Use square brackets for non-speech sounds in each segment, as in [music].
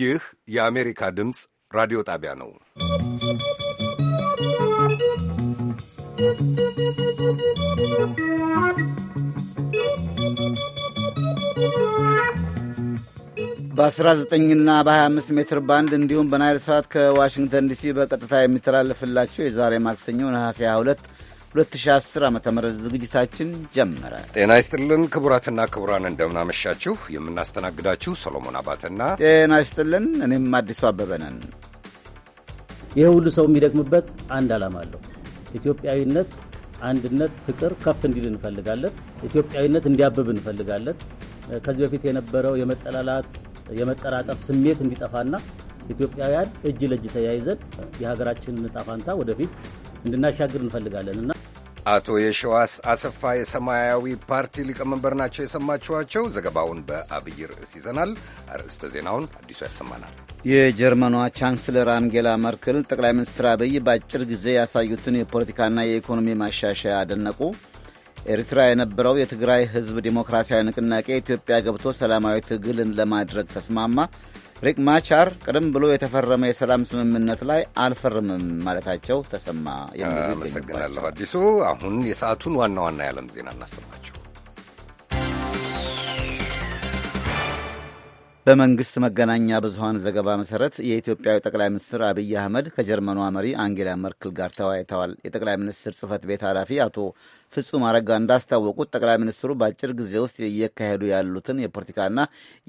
ይህ የአሜሪካ ድምፅ ራዲዮ ጣቢያ ነው። በ19ና በ25 ሜትር ባንድ እንዲሁም በናይል ሰዓት ከዋሽንግተን ዲሲ በቀጥታ የሚተላለፍላቸው የዛሬ ማክሰኞ ነሐሴ 22 2010 ዓ ም ዝግጅታችን ጀመረ። ጤና ይስጥልን ክቡራትና ክቡራን፣ እንደምናመሻችሁ። የምናስተናግዳችሁ ሰሎሞን አባተና ጤና ይስጥልን፣ እኔም አዲሱ አበበ ነን። ይህ ሁሉ ሰው የሚደግምበት አንድ ዓላማ አለው። ኢትዮጵያዊነት፣ አንድነት፣ ፍቅር ከፍ እንዲል እንፈልጋለን። ኢትዮጵያዊነት እንዲያብብ እንፈልጋለን። ከዚህ በፊት የነበረው የመጠላላት የመጠራጠር ስሜት እንዲጠፋና ኢትዮጵያውያን እጅ ለእጅ ተያይዘን የሀገራችንን ጣፋንታ ወደፊት እንድናሻግር እንፈልጋለን እና አቶ የሸዋስ አሰፋ የሰማያዊ ፓርቲ ሊቀመንበር ናቸው የሰማችኋቸው። ዘገባውን በአብይ ርዕስ ይዘናል። አርዕስተ ዜናውን አዲሱ ያሰማናል። የጀርመኗ ቻንስለር አንጌላ መርክል ጠቅላይ ሚኒስትር አብይ በአጭር ጊዜ ያሳዩትን የፖለቲካና የኢኮኖሚ ማሻሻያ አደነቁ። ኤርትራ የነበረው የትግራይ ሕዝብ ዲሞክራሲያዊ ንቅናቄ ኢትዮጵያ ገብቶ ሰላማዊ ትግልን ለማድረግ ተስማማ። ሪክ ማቻር ቀደም ብሎ የተፈረመ የሰላም ስምምነት ላይ አልፈርምም ማለታቸው ተሰማ። አመሰግናለሁ አዲሱ። አሁን የሰዓቱን ዋና ዋና የዓለም ዜና እናሰማችሁ። በመንግሥት መገናኛ ብዙኃን ዘገባ መሠረት የኢትዮጵያዊ ጠቅላይ ሚኒስትር አብይ አህመድ ከጀርመኗ መሪ አንጌላ መርክል ጋር ተወያይተዋል። የጠቅላይ ሚኒስትር ጽህፈት ቤት ኃላፊ አቶ ፍጹም አረጋ እንዳስታወቁት ጠቅላይ ሚኒስትሩ በአጭር ጊዜ ውስጥ እየካሄዱ ያሉትን የፖለቲካና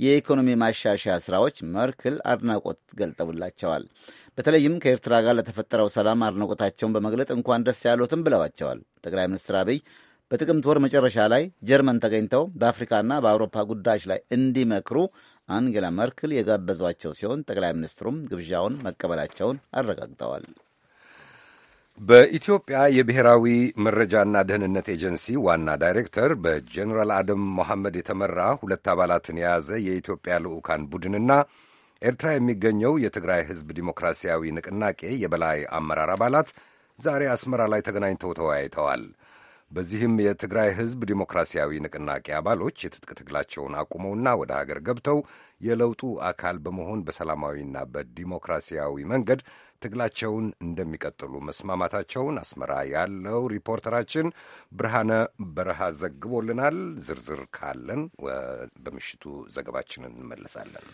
የኢኮኖሚ ማሻሻያ ስራዎች መርክል አድናቆት ገልጠውላቸዋል። በተለይም ከኤርትራ ጋር ለተፈጠረው ሰላም አድናቆታቸውን በመግለጥ እንኳን ደስ ያሉትም ብለዋቸዋል። ጠቅላይ ሚኒስትር አብይ በጥቅምት ወር መጨረሻ ላይ ጀርመን ተገኝተው በአፍሪካና በአውሮፓ ጉዳዮች ላይ እንዲመክሩ አንጌላ መርክል የጋበዟቸው ሲሆን ጠቅላይ ሚኒስትሩም ግብዣውን መቀበላቸውን አረጋግጠዋል። በኢትዮጵያ የብሔራዊ መረጃና ደህንነት ኤጀንሲ ዋና ዳይሬክተር በጀኔራል አደም መሐመድ የተመራ ሁለት አባላትን የያዘ የኢትዮጵያ ልዑካን ቡድንና ኤርትራ የሚገኘው የትግራይ ሕዝብ ዲሞክራሲያዊ ንቅናቄ የበላይ አመራር አባላት ዛሬ አስመራ ላይ ተገናኝተው ተወያይተዋል። በዚህም የትግራይ ሕዝብ ዲሞክራሲያዊ ንቅናቄ አባሎች የትጥቅ ትግላቸውን አቁመውና ወደ ሀገር ገብተው የለውጡ አካል በመሆን በሰላማዊና በዲሞክራሲያዊ መንገድ ትግላቸውን እንደሚቀጥሉ መስማማታቸውን አስመራ ያለው ሪፖርተራችን ብርሃነ በረሃ ዘግቦልናል። ዝርዝር ካለን በምሽቱ ዘገባችን እንመለሳለን።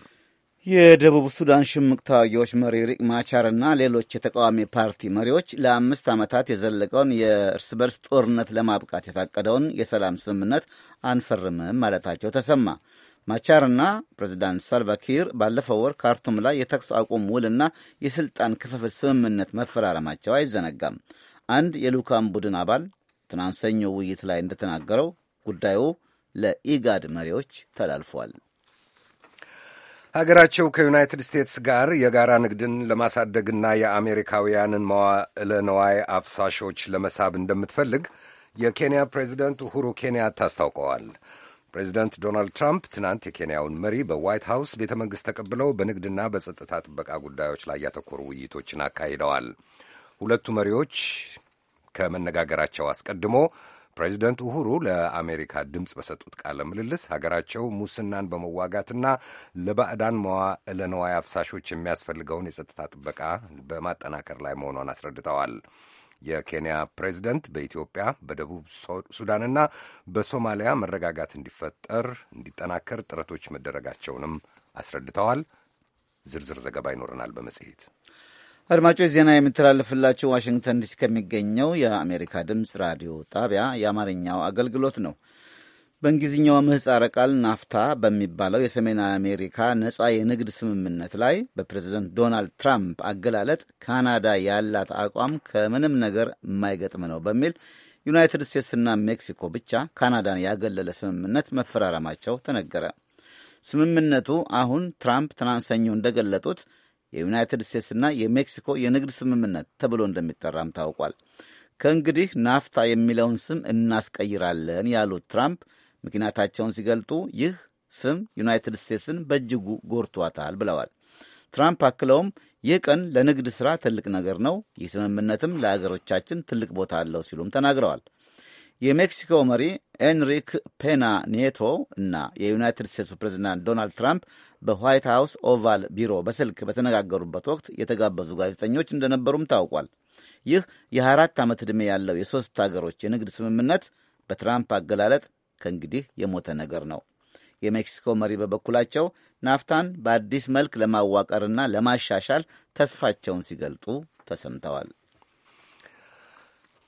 የደቡብ ሱዳን ሽምቅ ተዋጊዎች መሪ ሪክ ማቻርና ሌሎች የተቃዋሚ ፓርቲ መሪዎች ለአምስት ዓመታት የዘለቀውን የእርስ በርስ ጦርነት ለማብቃት የታቀደውን የሰላም ስምምነት አንፈርምም ማለታቸው ተሰማ። ማቻርና ፕሬዚዳንት ሳልቫኪር ባለፈው ወር ካርቱም ላይ የተኩስ አቁም ውልና የስልጣን ክፍፍል ስምምነት መፈራረማቸው አይዘነጋም። አንድ የልዑካን ቡድን አባል ትናንት ሰኞ ውይይት ላይ እንደተናገረው ጉዳዩ ለኢጋድ መሪዎች ተላልፏል። ሀገራቸው ከዩናይትድ ስቴትስ ጋር የጋራ ንግድን ለማሳደግና የአሜሪካውያንን መዋዕለ ነዋይ አፍሳሾች ለመሳብ እንደምትፈልግ የኬንያ ፕሬዚደንት ኡሁሩ ኬንያታ አስታውቀዋል። ፕሬዚደንት ዶናልድ ትራምፕ ትናንት የኬንያውን መሪ በዋይት ሀውስ ቤተ መንግሥት ተቀብለው በንግድና በጸጥታ ጥበቃ ጉዳዮች ላይ ያተኮሩ ውይይቶችን አካሂደዋል። ሁለቱ መሪዎች ከመነጋገራቸው አስቀድሞ ፕሬዚደንት ኡሁሩ ለአሜሪካ ድምፅ በሰጡት ቃለ ምልልስ ሀገራቸው ሙስናን በመዋጋትና ለባዕዳን መዋዕለ ንዋይ አፍሳሾች የሚያስፈልገውን የጸጥታ ጥበቃ በማጠናከር ላይ መሆኗን አስረድተዋል። የኬንያ ፕሬዚደንት በኢትዮጵያ በደቡብ ሱዳንና በሶማሊያ መረጋጋት እንዲፈጠር እንዲጠናከር ጥረቶች መደረጋቸውንም አስረድተዋል። ዝርዝር ዘገባ ይኖረናል በመጽሔት። አድማጮች ዜና የምተላለፍላችሁ ዋሽንግተን ዲሲ ከሚገኘው የአሜሪካ ድምፅ ራዲዮ ጣቢያ የአማርኛው አገልግሎት ነው። በእንግሊዝኛው ምህፃረ ቃል ናፍታ በሚባለው የሰሜን አሜሪካ ነጻ የንግድ ስምምነት ላይ በፕሬዝደንት ዶናልድ ትራምፕ አገላለጥ ካናዳ ያላት አቋም ከምንም ነገር የማይገጥም ነው በሚል ዩናይትድ ስቴትስና ሜክሲኮ ብቻ ካናዳን ያገለለ ስምምነት መፈራረማቸው ተነገረ። ስምምነቱ አሁን ትራምፕ ትናንት ሰኞ እንደገለጡት የዩናይትድ ስቴትስና የሜክሲኮ የንግድ ስምምነት ተብሎ እንደሚጠራም ታውቋል። ከእንግዲህ ናፍታ የሚለውን ስም እናስቀይራለን ያሉት ትራምፕ ምክንያታቸውን ሲገልጡ ይህ ስም ዩናይትድ ስቴትስን በእጅጉ ጎርቷታል ብለዋል። ትራምፕ አክለውም ይህ ቀን ለንግድ ሥራ ትልቅ ነገር ነው፣ ይህ ስምምነትም ለአገሮቻችን ትልቅ ቦታ አለው ሲሉም ተናግረዋል። የሜክሲኮ መሪ ኤንሪክ ፔና ኔቶ እና የዩናይትድ ስቴትሱ ፕሬዚዳንት ዶናልድ ትራምፕ በዋይት ሃውስ ኦቫል ቢሮ በስልክ በተነጋገሩበት ወቅት የተጋበዙ ጋዜጠኞች እንደነበሩም ታውቋል። ይህ የ24 ዓመት ዕድሜ ያለው የሦስት አገሮች የንግድ ስምምነት በትራምፕ አገላለጥ ከእንግዲህ የሞተ ነገር ነው። የሜክሲኮ መሪ በበኩላቸው ናፍታን በአዲስ መልክ ለማዋቀርና ለማሻሻል ተስፋቸውን ሲገልጡ ተሰምተዋል።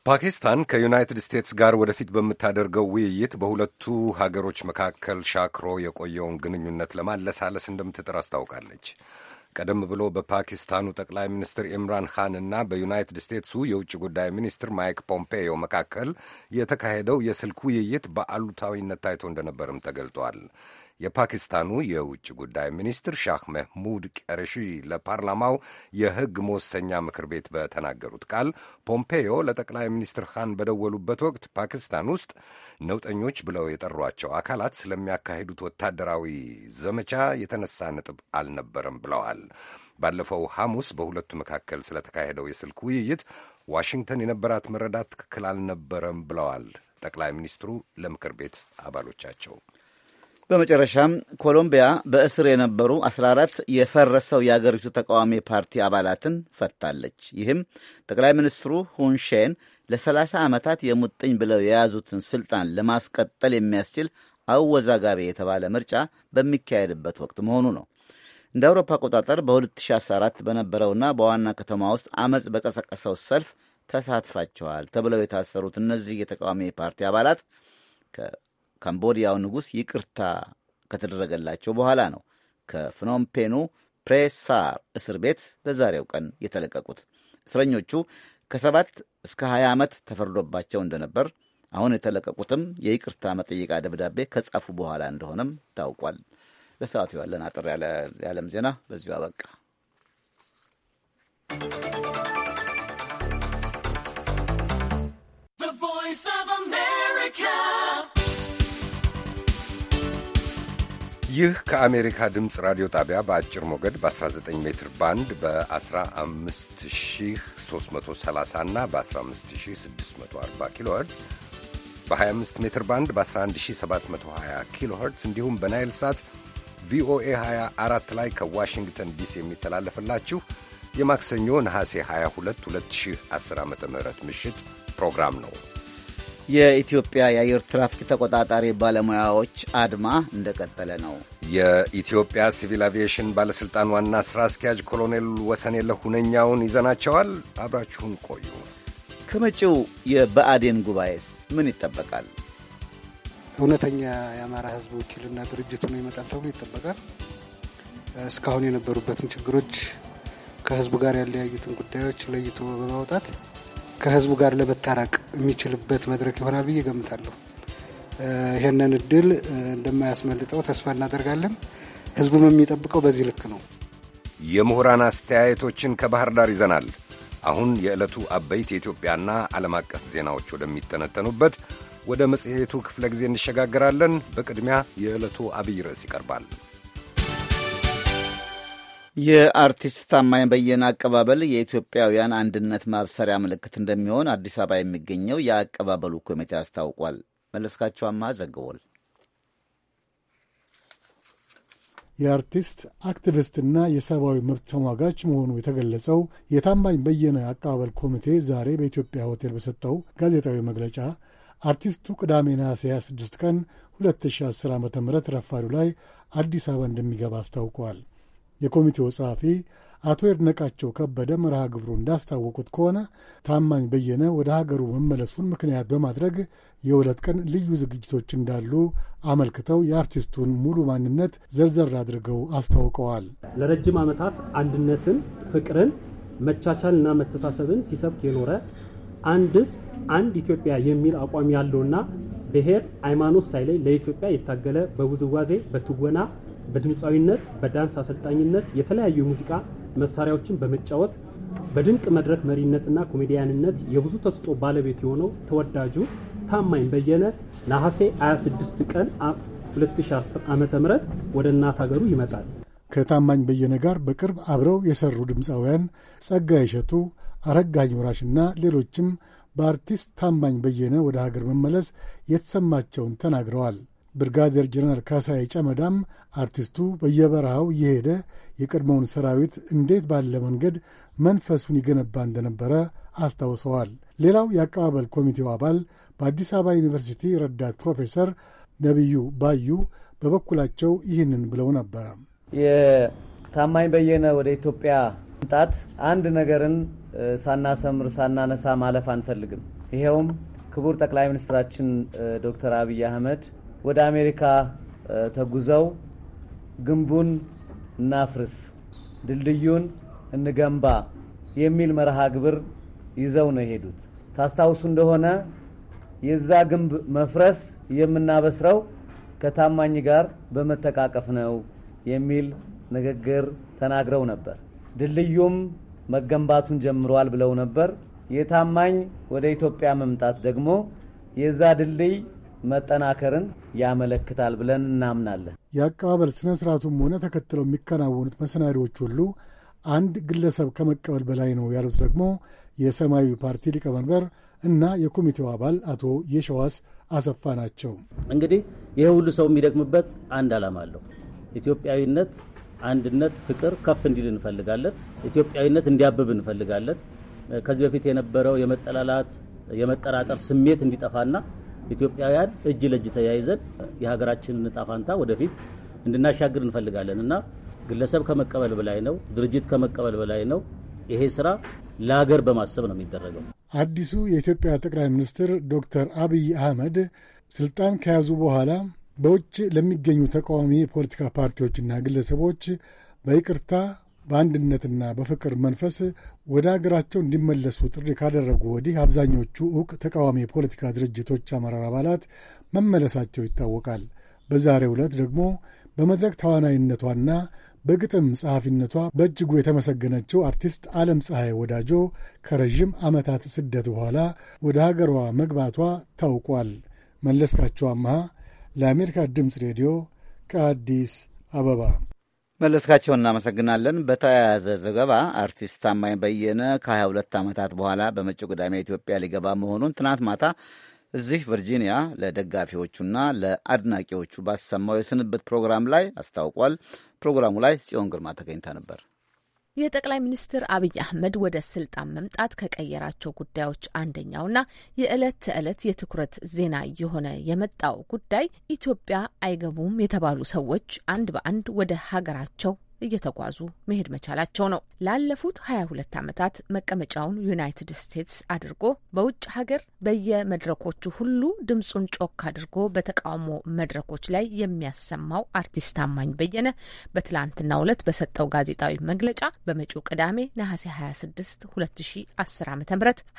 ፓኪስታን ከዩናይትድ ስቴትስ ጋር ወደፊት በምታደርገው ውይይት በሁለቱ ሀገሮች መካከል ሻክሮ የቆየውን ግንኙነት ለማለሳለስ እንደምትጥር አስታውቃለች። ቀደም ብሎ በፓኪስታኑ ጠቅላይ ሚኒስትር ኢምራን ኻን እና በዩናይትድ ስቴትሱ የውጭ ጉዳይ ሚኒስትር ማይክ ፖምፔዮ መካከል የተካሄደው የስልክ ውይይት በአሉታዊነት ታይቶ እንደነበርም ተገልጧል። የፓኪስታኑ የውጭ ጉዳይ ሚኒስትር ሻህ መህሙድ ቀረሺ ለፓርላማው የሕግ መወሰኛ ምክር ቤት በተናገሩት ቃል ፖምፔዮ ለጠቅላይ ሚኒስትር ሃን በደወሉበት ወቅት ፓኪስታን ውስጥ ነውጠኞች ብለው የጠሯቸው አካላት ስለሚያካሂዱት ወታደራዊ ዘመቻ የተነሳ ነጥብ አልነበረም ብለዋል። ባለፈው ሐሙስ በሁለቱ መካከል ስለተካሄደው የስልክ ውይይት ዋሽንግተን የነበራት መረዳት ትክክል አልነበረም ብለዋል ጠቅላይ ሚኒስትሩ ለምክር ቤት አባሎቻቸው። በመጨረሻም ኮሎምቢያ በእስር የነበሩ 14 የፈረሰው የአገሪቱ ተቃዋሚ ፓርቲ አባላትን ፈታለች። ይህም ጠቅላይ ሚኒስትሩ ሁንሼን ለ30 ዓመታት የሙጥኝ ብለው የያዙትን ስልጣን ለማስቀጠል የሚያስችል አወዛጋቢ የተባለ ምርጫ በሚካሄድበት ወቅት መሆኑ ነው። እንደ አውሮፓ አቆጣጠር በ2014 በነበረውና በዋና ከተማ ውስጥ አመፅ በቀሰቀሰው ሰልፍ ተሳትፋቸዋል ተብለው የታሰሩት እነዚህ የተቃዋሚ ፓርቲ አባላት ካምቦዲያው ንጉሥ ይቅርታ ከተደረገላቸው በኋላ ነው ከፍኖምፔኑ ፕሬሳር እስር ቤት በዛሬው ቀን የተለቀቁት። እስረኞቹ ከሰባት እስከ 20 ዓመት ተፈርዶባቸው እንደነበር አሁን የተለቀቁትም የይቅርታ መጠየቃ ደብዳቤ ከጻፉ በኋላ እንደሆነም ታውቋል። ለሰዓቱ ያለን አጠር ያለ የዓለም ዜና በዚሁ አበቃ። ይህ ከአሜሪካ ድምፅ ራዲዮ ጣቢያ በአጭር ሞገድ በ19 ሜትር ባንድ በ15330 እና በ15640 ኪሎ ኸርትዝ በ25 ሜትር ባንድ በ11720 ኪሎ ኸርትዝ እንዲሁም በናይል ሳት ቪኦኤ 24 ላይ ከዋሽንግተን ዲሲ የሚተላለፍላችሁ የማክሰኞ ነሐሴ 22 2010 ዓ ም ምሽት ፕሮግራም ነው። የኢትዮጵያ የአየር ትራፊክ ተቆጣጣሪ ባለሙያዎች አድማ እንደቀጠለ ነው። የኢትዮጵያ ሲቪል አቪዬሽን ባለሥልጣን ዋና ሥራ አስኪያጅ ኮሎኔል ወሰንየለህ ሁነኛውን ይዘናቸዋል። አብራችሁን ቆዩ። ከመጪው የብአዴን ጉባኤስ ምን ይጠበቃል? እውነተኛ የአማራ ሕዝብ ውኪልና ድርጅት ነው ይመጣል ተብሎ ይጠበቃል። እስካሁን የነበሩበትን ችግሮች ከህዝቡ ጋር ያለያዩትን ጉዳዮች ለይቶ በማውጣት ከህዝቡ ጋር ለመታረቅ የሚችልበት መድረክ ይሆናል ብዬ ገምታለሁ። ይህንን እድል እንደማያስመልጠው ተስፋ እናደርጋለን። ህዝቡም የሚጠብቀው በዚህ ልክ ነው። የምሁራን አስተያየቶችን ከባህር ዳር ይዘናል። አሁን የዕለቱ አበይት የኢትዮጵያና ዓለም አቀፍ ዜናዎች ወደሚተነተኑበት ወደ መጽሔቱ ክፍለ ጊዜ እንሸጋግራለን። በቅድሚያ የዕለቱ አብይ ርዕስ ይቀርባል። የአርቲስት ታማኝ በየነ አቀባበል የኢትዮጵያውያን አንድነት ማብሰሪያ ምልክት እንደሚሆን አዲስ አበባ የሚገኘው የአቀባበሉ ኮሚቴ አስታውቋል። መለስካቸው አማ ዘግቧል። የአርቲስት አክቲቪስትና የሰብአዊ መብት ተሟጋች መሆኑ የተገለጸው የታማኝ በየነ አቀባበል ኮሚቴ ዛሬ በኢትዮጵያ ሆቴል በሰጠው ጋዜጣዊ መግለጫ አርቲስቱ ቅዳሜ ነሐሴ 26 ቀን 2010 ዓ ም ረፋዱ ላይ አዲስ አበባ እንደሚገባ አስታውቋል። የኮሚቴው ጸሐፊ አቶ ይድነቃቸው ከበደ መርሃ ግብሩ እንዳስታወቁት ከሆነ ታማኝ በየነ ወደ ሀገሩ መመለሱን ምክንያት በማድረግ የሁለት ቀን ልዩ ዝግጅቶች እንዳሉ አመልክተው የአርቲስቱን ሙሉ ማንነት ዘርዘር አድርገው አስታውቀዋል። ለረጅም ዓመታት አንድነትን፣ ፍቅርን፣ መቻቻልና መተሳሰብን ሲሰብክ የኖረ አንድ አንድ ኢትዮጵያ የሚል አቋም ያለውና ብሔር፣ ሃይማኖት ሳይለይ ለኢትዮጵያ የታገለ በውዝዋዜ፣ በትወና በድምፃዊነት፣ በዳንስ አሰልጣኝነት፣ የተለያዩ የሙዚቃ መሳሪያዎችን በመጫወት በድንቅ መድረክ መሪነትና ኮሜዲያንነት የብዙ ተስጦ ባለቤት የሆነው ተወዳጁ ታማኝ በየነ ነሐሴ 26 ቀን 2010 ዓ ም ወደ እናት ሀገሩ ይመጣል። ከታማኝ በየነ ጋር በቅርብ አብረው የሰሩ ድምፃውያን ጸጋ ይሸቱ፣ አረጋኝ ወራሽና ሌሎችም በአርቲስት ታማኝ በየነ ወደ ሀገር መመለስ የተሰማቸውን ተናግረዋል። ብርጋዴር ጀነራል ካሳይ ጨመዳም አርቲስቱ በየበረሃው እየሄደ የቀድሞውን ሰራዊት እንዴት ባለ መንገድ መንፈሱን ይገነባ እንደነበረ አስታውሰዋል። ሌላው የአቀባበል ኮሚቴው አባል በአዲስ አበባ ዩኒቨርሲቲ ረዳት ፕሮፌሰር ነቢዩ ባዩ በበኩላቸው ይህንን ብለው ነበረ። የታማኝ በየነ ወደ ኢትዮጵያ መምጣት አንድ ነገርን ሳናሰምር ሳናነሳ ማለፍ አንፈልግም። ይኸውም ክቡር ጠቅላይ ሚኒስትራችን ዶክተር አብይ አህመድ ወደ አሜሪካ ተጉዘው ግንቡን እናፍርስ፣ ድልድዩን እንገንባ የሚል መርሃ ግብር ይዘው ነው የሄዱት። ታስታውሱ እንደሆነ የዛ ግንብ መፍረስ የምናበስረው ከታማኝ ጋር በመተቃቀፍ ነው የሚል ንግግር ተናግረው ነበር። ድልድዩም መገንባቱን ጀምሯል ብለው ነበር። የታማኝ ወደ ኢትዮጵያ መምጣት ደግሞ የዛ ድልድይ መጠናከርን ያመለክታል ብለን እናምናለን። የአቀባበል ስነ ስርዓቱም ሆነ ተከትለው የሚከናወኑት መሰናሪዎች ሁሉ አንድ ግለሰብ ከመቀበል በላይ ነው ያሉት ደግሞ የሰማያዊ ፓርቲ ሊቀመንበር እና የኮሚቴው አባል አቶ የሸዋስ አሰፋ ናቸው። እንግዲህ ይህ ሁሉ ሰው የሚደግምበት አንድ ዓላማ አለው። ኢትዮጵያዊነት፣ አንድነት፣ ፍቅር ከፍ እንዲል እንፈልጋለን። ኢትዮጵያዊነት እንዲያብብ እንፈልጋለን። ከዚህ በፊት የነበረው የመጠላላት የመጠራጠር ስሜት እንዲጠፋና ኢትዮጵያውያን እጅ ለእጅ ተያይዘን የሀገራችንን ዕጣ ፋንታ ወደፊት እንድናሻግር እንፈልጋለን እና ግለሰብ ከመቀበል በላይ ነው፣ ድርጅት ከመቀበል በላይ ነው። ይሄ ስራ ለሀገር በማሰብ ነው የሚደረገው። አዲሱ የኢትዮጵያ ጠቅላይ ሚኒስትር ዶክተር አብይ አህመድ ስልጣን ከያዙ በኋላ በውጭ ለሚገኙ ተቃዋሚ የፖለቲካ ፓርቲዎችና ግለሰቦች በይቅርታ በአንድነትና በፍቅር መንፈስ ወደ አገራቸው እንዲመለሱ ጥሪ ካደረጉ ወዲህ አብዛኞቹ እውቅ ተቃዋሚ የፖለቲካ ድርጅቶች አመራር አባላት መመለሳቸው ይታወቃል። በዛሬው ዕለት ደግሞ በመድረክ ተዋናይነቷና በግጥም ጸሐፊነቷ በእጅጉ የተመሰገነችው አርቲስት ዓለም ፀሐይ ወዳጆ ከረዥም ዓመታት ስደት በኋላ ወደ ሀገሯ መግባቷ ታውቋል። መለስካቸው አምሃ ለአሜሪካ ድምፅ ሬዲዮ ከአዲስ አበባ መለስካቸው እናመሰግናለን። በተያያዘ ዘገባ አርቲስት ታማኝ በየነ ከ22 ዓመታት በኋላ በመጪው ቅዳሜ ኢትዮጵያ ሊገባ መሆኑን ትናንት ማታ እዚህ ቨርጂኒያ ለደጋፊዎቹና ለአድናቂዎቹ ባሰማው የስንብት ፕሮግራም ላይ አስታውቋል። ፕሮግራሙ ላይ ጽዮን ግርማ ተገኝታ ነበር። የጠቅላይ ሚኒስትር አብይ አህመድ ወደ ስልጣን መምጣት ከቀየራቸው ጉዳዮች አንደኛውና የዕለት ተዕለት የትኩረት ዜና የሆነ የመጣው ጉዳይ ኢትዮጵያ አይገቡም የተባሉ ሰዎች አንድ በአንድ ወደ ሀገራቸው እየተጓዙ መሄድ መቻላቸው ነው። ላለፉት 22 ዓመታት መቀመጫውን ዩናይትድ ስቴትስ አድርጎ በውጭ ሀገር በየመድረኮቹ ሁሉ ድምፁን ጮክ አድርጎ በተቃውሞ መድረኮች ላይ የሚያሰማው አርቲስት አማኝ በየነ በትላንትናው ዕለት በሰጠው ጋዜጣዊ መግለጫ በመጪው ቅዳሜ ነሐሴ 26 2010 ዓ ም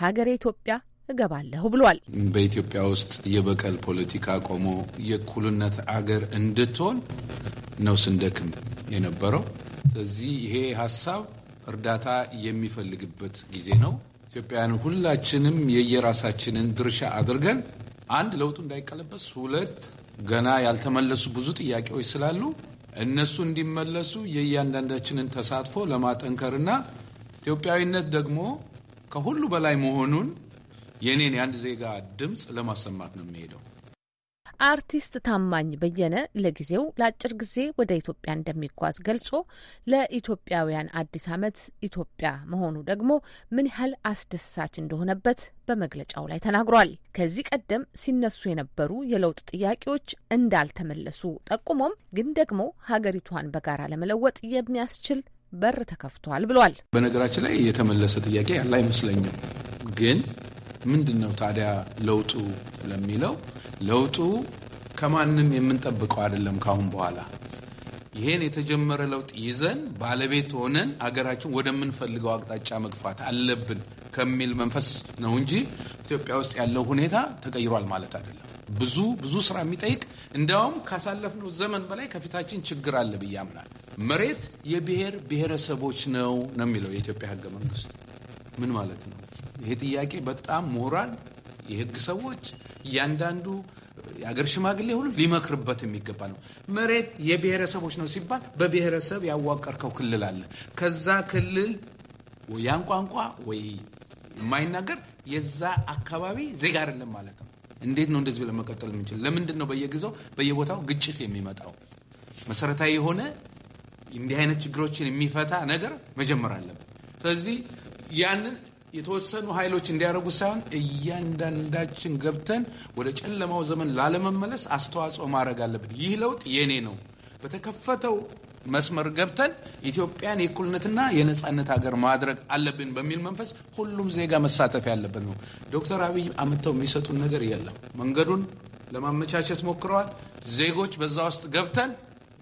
ሀገሬ ኢትዮጵያ እገባለሁ ብሏል። በኢትዮጵያ ውስጥ የበቀል ፖለቲካ ቆሞ የእኩልነት አገር እንድትሆን ነው ስንደክም የነበረው። ስለዚህ ይሄ ሀሳብ እርዳታ የሚፈልግበት ጊዜ ነው። ኢትዮጵያውያን ሁላችንም የየራሳችንን ድርሻ አድርገን አንድ ለውጡ እንዳይቀለበስ፣ ሁለት ገና ያልተመለሱ ብዙ ጥያቄዎች ስላሉ እነሱ እንዲመለሱ የእያንዳንዳችንን ተሳትፎ ለማጠንከርና ኢትዮጵያዊነት ደግሞ ከሁሉ በላይ መሆኑን የኔን የአንድ ዜጋ ድምፅ ለማሰማት ነው የሚሄደው። አርቲስት ታማኝ በየነ ለጊዜው ለአጭር ጊዜ ወደ ኢትዮጵያ እንደሚጓዝ ገልጾ ለኢትዮጵያውያን አዲስ ዓመት ኢትዮጵያ መሆኑ ደግሞ ምን ያህል አስደሳች እንደሆነበት በመግለጫው ላይ ተናግሯል። ከዚህ ቀደም ሲነሱ የነበሩ የለውጥ ጥያቄዎች እንዳልተመለሱ ጠቁሞም ግን ደግሞ ሀገሪቷን በጋራ ለመለወጥ የሚያስችል በር ተከፍቷል ብሏል። በነገራችን ላይ የተመለሰ ጥያቄ ያለ አይመስለኝም። ግን ምንድን ነው ታዲያ ለውጡ ለሚለው ለውጡ ከማንም የምንጠብቀው አይደለም። ካሁን በኋላ ይሄን የተጀመረ ለውጥ ይዘን ባለቤት ሆነን አገራችን ወደምንፈልገው አቅጣጫ መግፋት አለብን ከሚል መንፈስ ነው እንጂ ኢትዮጵያ ውስጥ ያለው ሁኔታ ተቀይሯል ማለት አይደለም። ብዙ ብዙ ስራ የሚጠይቅ እንዲያውም ካሳለፍነው ዘመን በላይ ከፊታችን ችግር አለ ብዬ አምናለሁ። መሬት የብሔር ብሔረሰቦች ነው ነው የሚለው የኢትዮጵያ ህገ መንግስት። ምን ማለት ነው ይሄ ጥያቄ? በጣም ምሁራን የህግ ሰዎች እያንዳንዱ የአገር ሽማግሌ ሁሉ ሊመክርበት የሚገባ ነው። መሬት የብሔረሰቦች ነው ሲባል በብሔረሰብ ያዋቀርከው ክልል አለ። ከዛ ክልል ያን ቋንቋ ወይ የማይናገር የዛ አካባቢ ዜጋ አይደለም ማለት ነው። እንዴት ነው እንደዚህ ለመቀጠል መቀጠል የምንችል? ለምንድን ነው በየጊዜው በየቦታው ግጭት የሚመጣው? መሰረታዊ የሆነ እንዲህ አይነት ችግሮችን የሚፈታ ነገር መጀመር አለብን። ስለዚህ ያንን የተወሰኑ ኃይሎች እንዲያደርጉ ሳይሆን እያንዳንዳችን ገብተን ወደ ጨለማው ዘመን ላለመመለስ አስተዋጽኦ ማድረግ አለብን። ይህ ለውጥ የኔ ነው። በተከፈተው መስመር ገብተን ኢትዮጵያን የእኩልነትና የነጻነት ሀገር ማድረግ አለብን በሚል መንፈስ ሁሉም ዜጋ መሳተፍ ያለበት ነው። ዶክተር አብይ አምጥተው የሚሰጡን ነገር የለም። መንገዱን ለማመቻቸት ሞክረዋል። ዜጎች በዛ ውስጥ ገብተን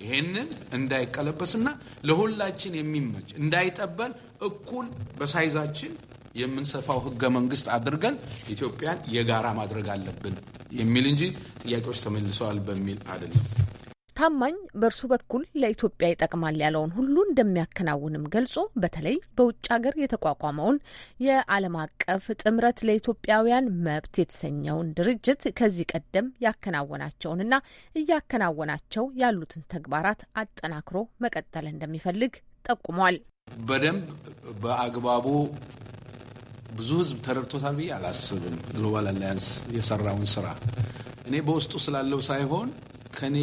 ይሄንን እንዳይቀለበስና ለሁላችን የሚመች እንዳይጠበል እኩል በሳይዛችን የምንሰፋው ህገ መንግስት አድርገን ኢትዮጵያን የጋራ ማድረግ አለብን የሚል እንጂ ጥያቄዎች ተመልሰዋል በሚል አይደለም። ታማኝ በእርሱ በኩል ለኢትዮጵያ ይጠቅማል ያለውን ሁሉ እንደሚያከናውንም ገልጾ በተለይ በውጭ ሀገር የተቋቋመውን የዓለም አቀፍ ጥምረት ለኢትዮጵያውያን መብት የተሰኘውን ድርጅት ከዚህ ቀደም ያከናወናቸውንና እያከናወናቸው ያሉትን ተግባራት አጠናክሮ መቀጠል እንደሚፈልግ ጠቁሟል። በደንብ በአግባቡ ብዙ ህዝብ ተረድቶታል ብዬ አላስብም። ግሎባል አላያንስ የሰራውን ስራ እኔ በውስጡ ስላለው ሳይሆን ከኔ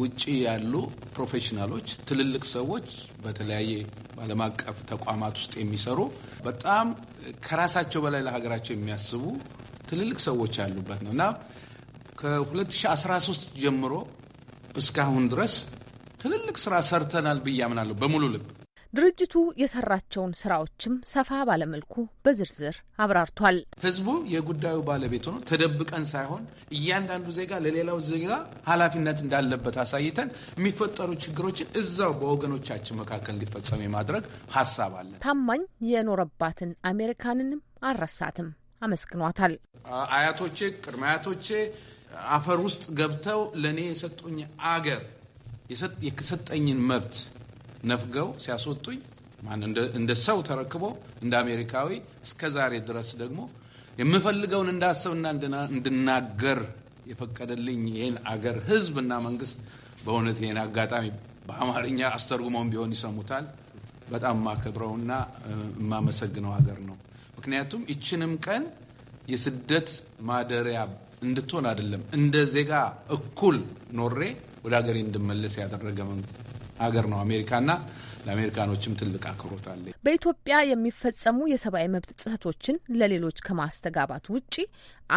ውጪ ያሉ ፕሮፌሽናሎች፣ ትልልቅ ሰዎች በተለያየ ዓለም አቀፍ ተቋማት ውስጥ የሚሰሩ በጣም ከራሳቸው በላይ ለሀገራቸው የሚያስቡ ትልልቅ ሰዎች ያሉበት ነው እና ከ2013 ጀምሮ እስካሁን ድረስ ትልልቅ ስራ ሰርተናል ብዬ አምናለሁ በሙሉ ልብ ድርጅቱ የሰራቸውን ስራዎችም ሰፋ ባለመልኩ በዝርዝር አብራርቷል። ህዝቡ የጉዳዩ ባለቤት ሆኖ ተደብቀን ሳይሆን እያንዳንዱ ዜጋ ለሌላው ዜጋ ኃላፊነት እንዳለበት አሳይተን የሚፈጠሩ ችግሮችን እዛው በወገኖቻችን መካከል እንዲፈጸም የማድረግ ሀሳብ አለ። ታማኝ የኖረባትን አሜሪካንንም አልረሳትም፣ አመስግኗታል። አያቶቼ ቅድመ አያቶቼ አፈር ውስጥ ገብተው ለእኔ የሰጡኝ አገር የሰጠኝን መብት ነፍገው ሲያስወጡኝ እንደ ሰው ተረክቦ እንደ አሜሪካዊ እስከ ዛሬ ድረስ ደግሞ የምፈልገውን እንዳስብና እንድናገር የፈቀደልኝ ይህን አገር ህዝብና መንግስት በእውነት ይህን አጋጣሚ በአማርኛ አስተርጉመውን ቢሆን ይሰሙታል። በጣም ማከብረውና የማመሰግነው ሀገር ነው። ምክንያቱም ይችንም ቀን የስደት ማደሪያ እንድትሆን አይደለም እንደ ዜጋ እኩል ኖሬ ወደ ሀገሬ እንድመለስ ያደረገ ሀገር ነው አሜሪካና ለአሜሪካኖችም ትልቅ አክብሮት አለ። በኢትዮጵያ የሚፈጸሙ የሰብአዊ መብት ጥሰቶችን ለሌሎች ከማስተጋባት ውጪ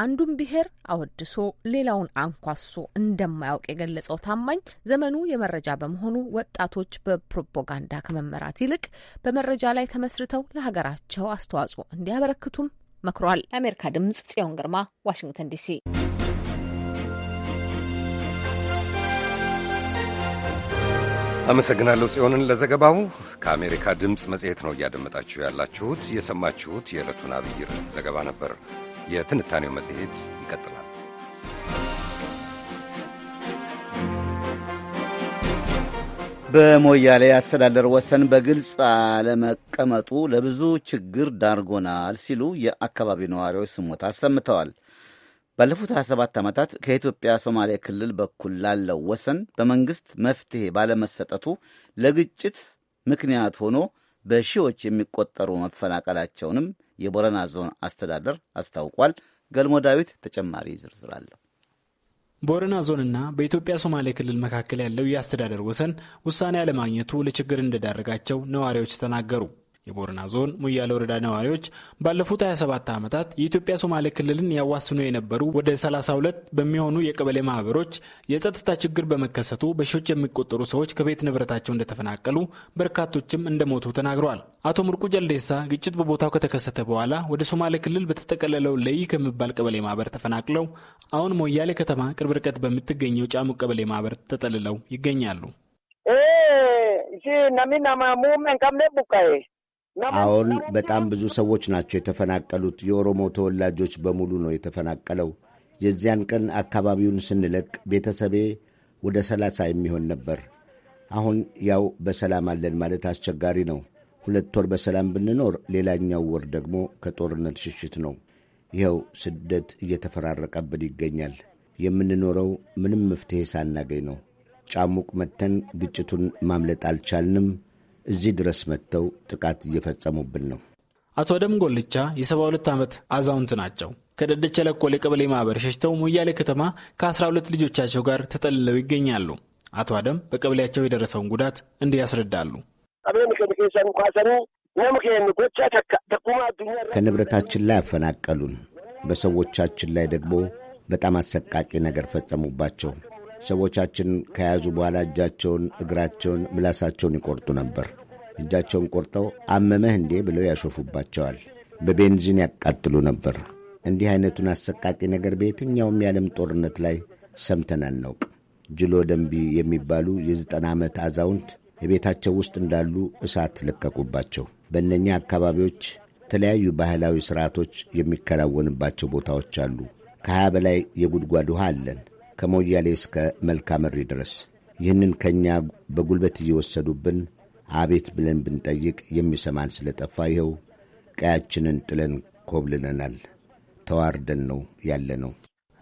አንዱን ብሔር አወድሶ ሌላውን አንኳሶ እንደማያውቅ የገለጸው ታማኝ ዘመኑ የመረጃ በመሆኑ ወጣቶች በፕሮፓጋንዳ ከመመራት ይልቅ በመረጃ ላይ ተመስርተው ለሀገራቸው አስተዋጽኦ እንዲያበረክቱም መክሯል። ለአሜሪካ ድምጽ ጽዮን ግርማ ዋሽንግተን ዲሲ አመሰግናለሁ ጽዮንን ለዘገባው። ከአሜሪካ ድምፅ መጽሔት ነው እያደመጣችሁ ያላችሁት። የሰማችሁት የዕለቱን አብይ ርዕስ ዘገባ ነበር። የትንታኔው መጽሔት ይቀጥላል። በሞያሌ አስተዳደር ወሰን በግልጽ አለመቀመጡ ለብዙ ችግር ዳርጎናል ሲሉ የአካባቢው ነዋሪዎች ስሞታ አሰምተዋል። ባለፉት 27 ዓመታት ከኢትዮጵያ ሶማሌ ክልል በኩል ላለው ወሰን በመንግሥት መፍትሔ ባለመሰጠቱ ለግጭት ምክንያት ሆኖ በሺዎች የሚቆጠሩ መፈናቀላቸውንም የቦረና ዞን አስተዳደር አስታውቋል። ገልሞ ዳዊት ተጨማሪ ዝርዝር አለው። ቦረና ዞንና በኢትዮጵያ ሶማሌ ክልል መካከል ያለው የአስተዳደር ወሰን ውሳኔ አለማግኘቱ ለችግር እንደዳረጋቸው ነዋሪዎች ተናገሩ። የቦረና ዞን ሙያለ ወረዳ ነዋሪዎች ባለፉት 27 ዓመታት የኢትዮጵያ ሶማሌ ክልልን ያዋስኑ የነበሩ ወደ 32 በሚሆኑ የቀበሌ ማህበሮች የጸጥታ ችግር በመከሰቱ በሺዎች የሚቆጠሩ ሰዎች ከቤት ንብረታቸው እንደተፈናቀሉ፣ በርካቶችም እንደሞቱ ተናግረዋል። አቶ ምርቁ ጀልዴሳ ግጭት በቦታው ከተከሰተ በኋላ ወደ ሶማሌ ክልል በተጠቀለለው ለይ ከሚባል ቀበሌ ማህበር ተፈናቅለው አሁን ሞያሌ ከተማ ቅርብ ርቀት በምትገኘው ጫሙ ቀበሌ ማህበር ተጠልለው ይገኛሉ። eh, አሁን በጣም ብዙ ሰዎች ናቸው የተፈናቀሉት። የኦሮሞ ተወላጆች በሙሉ ነው የተፈናቀለው። የዚያን ቀን አካባቢውን ስንለቅ ቤተሰቤ ወደ ሰላሳ የሚሆን ነበር። አሁን ያው በሰላም አለን ማለት አስቸጋሪ ነው። ሁለት ወር በሰላም ብንኖር፣ ሌላኛው ወር ደግሞ ከጦርነት ሽሽት ነው። ይኸው ስደት እየተፈራረቀብን ይገኛል። የምንኖረው ምንም መፍትሔ ሳናገኝ ነው። ጫሙቅ መጥተን ግጭቱን ማምለጥ አልቻልንም። እዚህ ድረስ መጥተው ጥቃት እየፈጸሙብን ነው። አቶ አደም ጎልቻ የ72 ዓመት አዛውንት ናቸው። ከደደቸ ለኮሌ ቀበሌ ማህበር ሸሽተው ሞያሌ ከተማ ከ12 ልጆቻቸው ጋር ተጠልለው ይገኛሉ። አቶ አደም በቀበሌያቸው የደረሰውን ጉዳት እንዲህ ያስረዳሉ። ከንብረታችን ላይ አፈናቀሉን፣ በሰዎቻችን ላይ ደግሞ በጣም አሰቃቂ ነገር ፈጸሙባቸው። ሰዎቻችን ከያዙ በኋላ እጃቸውን፣ እግራቸውን፣ ምላሳቸውን ይቆርጡ ነበር። እጃቸውን ቆርጠው አመመህ እንዴ ብለው ያሾፉባቸዋል። በቤንዚን ያቃጥሉ ነበር። እንዲህ አይነቱን አሰቃቂ ነገር በየትኛውም የዓለም ጦርነት ላይ ሰምተን አናውቅ። ጅሎ ደንቢ የሚባሉ የዘጠና ዓመት አዛውንት የቤታቸው ውስጥ እንዳሉ እሳት ለቀቁባቸው። በእነኛ አካባቢዎች የተለያዩ ባህላዊ ሥርዓቶች የሚከናወንባቸው ቦታዎች አሉ። ከሀያ በላይ የጉድጓድ ውሃ አለን። ከሞያሌ እስከ መልካመሪ ድረስ ይህንን ከእኛ በጉልበት እየወሰዱብን አቤት ብለን ብንጠይቅ የሚሰማን ስለጠፋ ይኸው ቀያችንን ጥለን ኮብልለናል። ተዋርደን ነው ያለ ነው።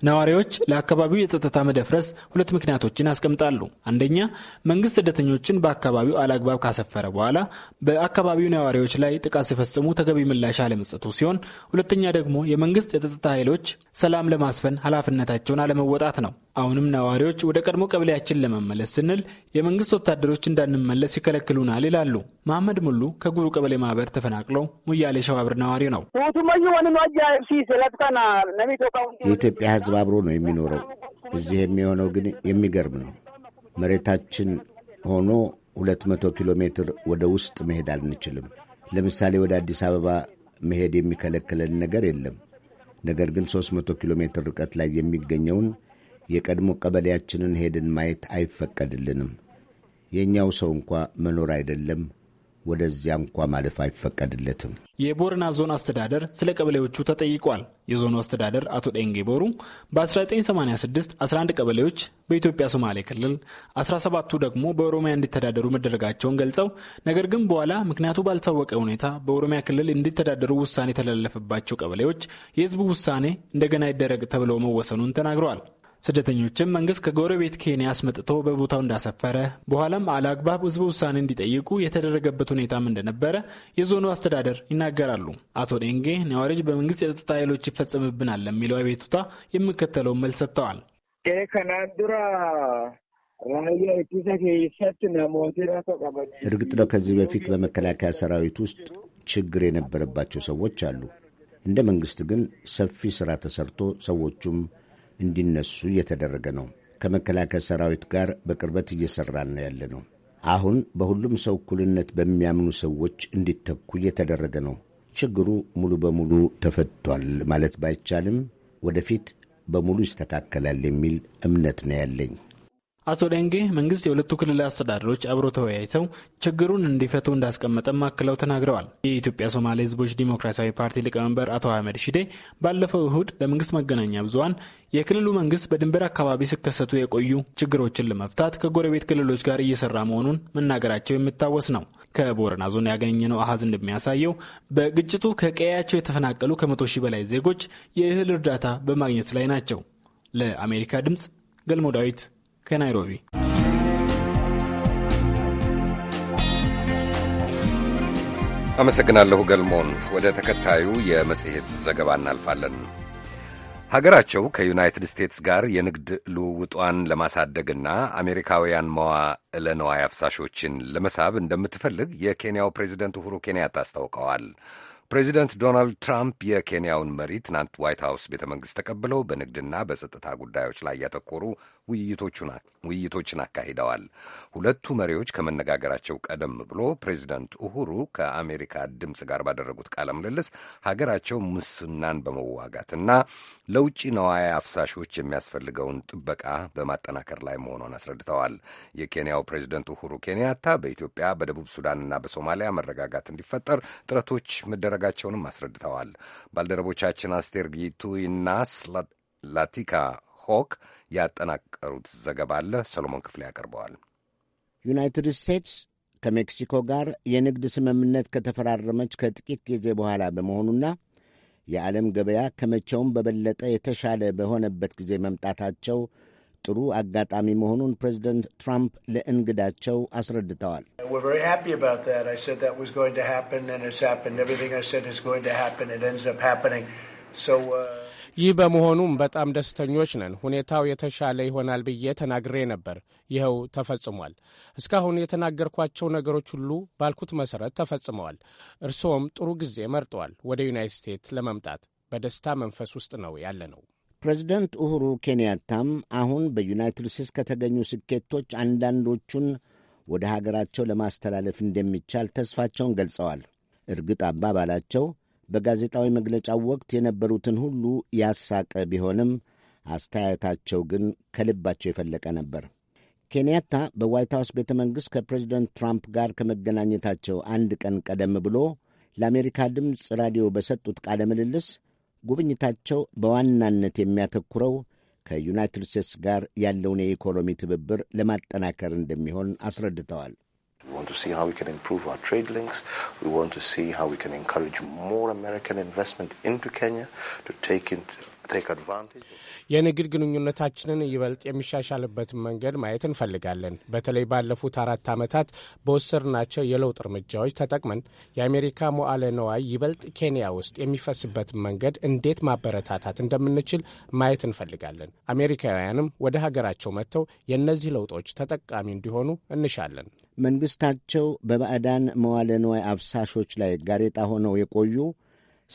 ነዋሪዎች ለአካባቢው የጸጥታ መደፍረስ ሁለት ምክንያቶችን ያስቀምጣሉ። አንደኛ መንግስት ስደተኞችን በአካባቢው አላግባብ ካሰፈረ በኋላ በአካባቢው ነዋሪዎች ላይ ጥቃት ሲፈጽሙ ተገቢ ምላሽ አለመስጠቱ ሲሆን፣ ሁለተኛ ደግሞ የመንግስት የጸጥታ ኃይሎች ሰላም ለማስፈን ኃላፊነታቸውን አለመወጣት ነው። አሁንም ነዋሪዎች ወደ ቀድሞ ቀበሌያችን ለመመለስ ስንል የመንግስት ወታደሮች እንዳንመለስ ይከለክሉናል ይላሉ። መሐመድ ሙሉ ከጉሩ ቀበሌ ማህበር ተፈናቅለው ሙያሌ ሸዋብር ነዋሪ ነው። የኢትዮጵያ ሕዝብ ተባብሮ ነው የሚኖረው። እዚህ የሚሆነው ግን የሚገርም ነው። መሬታችን ሆኖ 200 ኪሎ ሜትር ወደ ውስጥ መሄድ አልንችልም። ለምሳሌ ወደ አዲስ አበባ መሄድ የሚከለክለን ነገር የለም። ነገር ግን 300 ኪሎ ሜትር ርቀት ላይ የሚገኘውን የቀድሞ ቀበሌያችንን ሄድን ማየት አይፈቀድልንም። የእኛው ሰው እንኳ መኖር አይደለም ወደዚያ እንኳ ማለፍ አይፈቀድለትም። የቦረና ዞን አስተዳደር ስለ ቀበሌዎቹ ተጠይቋል። የዞኑ አስተዳደር አቶ ደንጌ ቦሩ በ1986 11 ቀበሌዎች በኢትዮጵያ ሶማሌ ክልል 17ቱ ደግሞ በኦሮሚያ እንዲተዳደሩ መደረጋቸውን ገልጸው ነገር ግን በኋላ ምክንያቱ ባልታወቀ ሁኔታ በኦሮሚያ ክልል እንዲተዳደሩ ውሳኔ የተላለፈባቸው ቀበሌዎች የህዝቡ ውሳኔ እንደገና ይደረግ ተብለው መወሰኑን ተናግረዋል። ስደተኞችም መንግስት ከጎረቤት ኬንያ አስመጥቶ በቦታው እንዳሰፈረ በኋላም አለአግባብ ህዝበ ውሳኔ እንዲጠይቁ የተደረገበት ሁኔታም እንደነበረ የዞኑ አስተዳደር ይናገራሉ። አቶ ደንጌ ነዋሪዎች በመንግስት የጸጥታ ኃይሎች ይፈጸምብናል ለሚለው አቤቱታ የሚከተለውን መልስ ሰጥተዋል። እርግጥ ነው ከዚህ በፊት በመከላከያ ሰራዊት ውስጥ ችግር የነበረባቸው ሰዎች አሉ። እንደ መንግስት ግን ሰፊ ስራ ተሰርቶ ሰዎቹም እንዲነሱ እየተደረገ ነው። ከመከላከያ ሰራዊት ጋር በቅርበት እየሠራን ነው ያለ ነው። አሁን በሁሉም ሰው እኩልነት በሚያምኑ ሰዎች እንዲተኩ እየተደረገ ነው። ችግሩ ሙሉ በሙሉ ተፈቷል ማለት ባይቻልም ወደፊት በሙሉ ይስተካከላል የሚል እምነት ነው ያለኝ። አቶ ደንጌ መንግስት የሁለቱ ክልል አስተዳደሮች አብሮ ተወያይተው ችግሩን እንዲፈቱ እንዳስቀመጠም አክለው ተናግረዋል። የኢትዮጵያ ሶማሌ ህዝቦች ዲሞክራሲያዊ ፓርቲ ሊቀመንበር አቶ አህመድ ሺዴ ባለፈው እሁድ ለመንግስት መገናኛ ብዙሀን የክልሉ መንግስት በድንበር አካባቢ ሲከሰቱ የቆዩ ችግሮችን ለመፍታት ከጎረቤት ክልሎች ጋር እየሰራ መሆኑን መናገራቸው የሚታወስ ነው። ከቦረና ዞን ያገኘነው አሀዝ እንደሚያሳየው በግጭቱ ከቀያቸው የተፈናቀሉ ከመቶ ሺህ በላይ ዜጎች የእህል እርዳታ በማግኘት ላይ ናቸው። ለአሜሪካ ድምፅ ገልሞ ዳዊት ከናይሮቢ አመሰግናለሁ ገልሞን። ወደ ተከታዩ የመጽሔት ዘገባ እናልፋለን። ሀገራቸው ከዩናይትድ ስቴትስ ጋር የንግድ ልውውጧን ለማሳደግና አሜሪካውያን መዋዕለ ነዋይ አፍሳሾችን ለመሳብ እንደምትፈልግ የኬንያው ፕሬዚደንት ኡሁሩ ኬንያታ አስታውቀዋል። ፕሬዚደንት ዶናልድ ትራምፕ የኬንያውን መሪ ትናንት ዋይት ሀውስ ቤተ መንግሥት ተቀብለው በንግድና በጸጥታ ጉዳዮች ላይ ያተኮሩ ውይይቶችን አካሂደዋል። ሁለቱ መሪዎች ከመነጋገራቸው ቀደም ብሎ ፕሬዚደንት ኡሁሩ ከአሜሪካ ድምፅ ጋር ባደረጉት ቃለ ምልልስ ሀገራቸው ሙስናን በመዋጋትና ለውጭ ነዋያ አፍሳሾች የሚያስፈልገውን ጥበቃ በማጠናከር ላይ መሆኗን አስረድተዋል። የኬንያው ፕሬዚደንት ኡሁሩ ኬንያታ በኢትዮጵያ በደቡብ ሱዳንና በሶማሊያ መረጋጋት እንዲፈጠር ጥረቶች መደረጋቸውንም አስረድተዋል። ባልደረቦቻችን አስቴር ጊቱይና ላቲካ ሆክ ያጠናቀሩት ዘገባ አለ። ሰሎሞን ክፍሌ ያቀርበዋል። ዩናይትድ ስቴትስ ከሜክሲኮ ጋር የንግድ ስምምነት ከተፈራረመች ከጥቂት ጊዜ በኋላ በመሆኑና የዓለም ገበያ ከመቼውም በበለጠ የተሻለ በሆነበት ጊዜ መምጣታቸው ጥሩ አጋጣሚ መሆኑን ፕሬዚደንት ትራምፕ ለእንግዳቸው አስረድተዋል። ይህ በመሆኑም በጣም ደስተኞች ነን። ሁኔታው የተሻለ ይሆናል ብዬ ተናግሬ ነበር። ይኸው ተፈጽሟል። እስካሁን የተናገርኳቸው ነገሮች ሁሉ ባልኩት መሰረት ተፈጽመዋል። እርስዎም ጥሩ ጊዜ መርጠዋል። ወደ ዩናይት ስቴትስ ለመምጣት በደስታ መንፈስ ውስጥ ነው ያለ ነው። ፕሬዚደንት ኡሁሩ ኬንያታም አሁን በዩናይትድ ስቴትስ ከተገኙ ስኬቶች አንዳንዶቹን ወደ ሀገራቸው ለማስተላለፍ እንደሚቻል ተስፋቸውን ገልጸዋል። እርግጥ አባባላቸው በጋዜጣዊ መግለጫው ወቅት የነበሩትን ሁሉ ያሳቀ ቢሆንም አስተያየታቸው ግን ከልባቸው የፈለቀ ነበር። ኬንያታ በዋይት ሀውስ ቤተ መንግሥት ከፕሬዚደንት ትራምፕ ጋር ከመገናኘታቸው አንድ ቀን ቀደም ብሎ ለአሜሪካ ድምፅ ራዲዮ በሰጡት ቃለ ምልልስ ጉብኝታቸው በዋናነት የሚያተኩረው ከዩናይትድ ስቴትስ ጋር ያለውን የኢኮኖሚ ትብብር ለማጠናከር እንደሚሆን አስረድተዋል። We want to see how we can improve our trade links. We want to see how we can encourage more American investment into Kenya to take into የንግድ ግንኙነታችንን ይበልጥ የሚሻሻልበትን መንገድ ማየት እንፈልጋለን። በተለይ ባለፉት አራት ዓመታት በወሰድናቸው የለውጥ እርምጃዎች ተጠቅመን የአሜሪካ መዋለ ነዋይ ይበልጥ ኬንያ ውስጥ የሚፈስበትን መንገድ እንዴት ማበረታታት እንደምንችል ማየት እንፈልጋለን። አሜሪካውያንም ወደ ሀገራቸው መጥተው የእነዚህ ለውጦች ተጠቃሚ እንዲሆኑ እንሻለን። መንግስታቸው በባዕዳን መዋለ ነዋይ አፍሳሾች ላይ ጋሬጣ ሆነው የቆዩ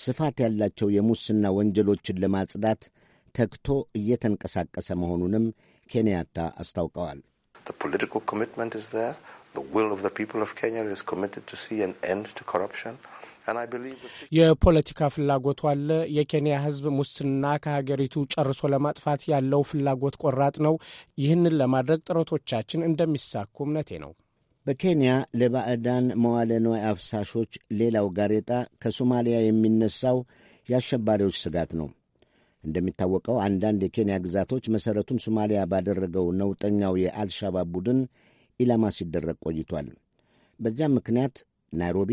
ስፋት ያላቸው የሙስና ወንጀሎችን ለማጽዳት ተግቶ እየተንቀሳቀሰ መሆኑንም ኬንያታ አስታውቀዋል። የፖለቲካ ፍላጎቱ አለ። የኬንያ ሕዝብ ሙስና ከሀገሪቱ ጨርሶ ለማጥፋት ያለው ፍላጎት ቆራጥ ነው። ይህንን ለማድረግ ጥረቶቻችን እንደሚሳኩ እምነቴ ነው። በኬንያ ለባዕዳን መዋለ ንዋይ አፍሳሾች ሌላው ጋሬጣ ከሶማሊያ የሚነሳው የአሸባሪዎች ስጋት ነው። እንደሚታወቀው አንዳንድ የኬንያ ግዛቶች መሠረቱን ሶማሊያ ባደረገው ነውጠኛው የአልሻባብ ቡድን ኢላማ ሲደረግ ቆይቷል። በዚያም ምክንያት ናይሮቢ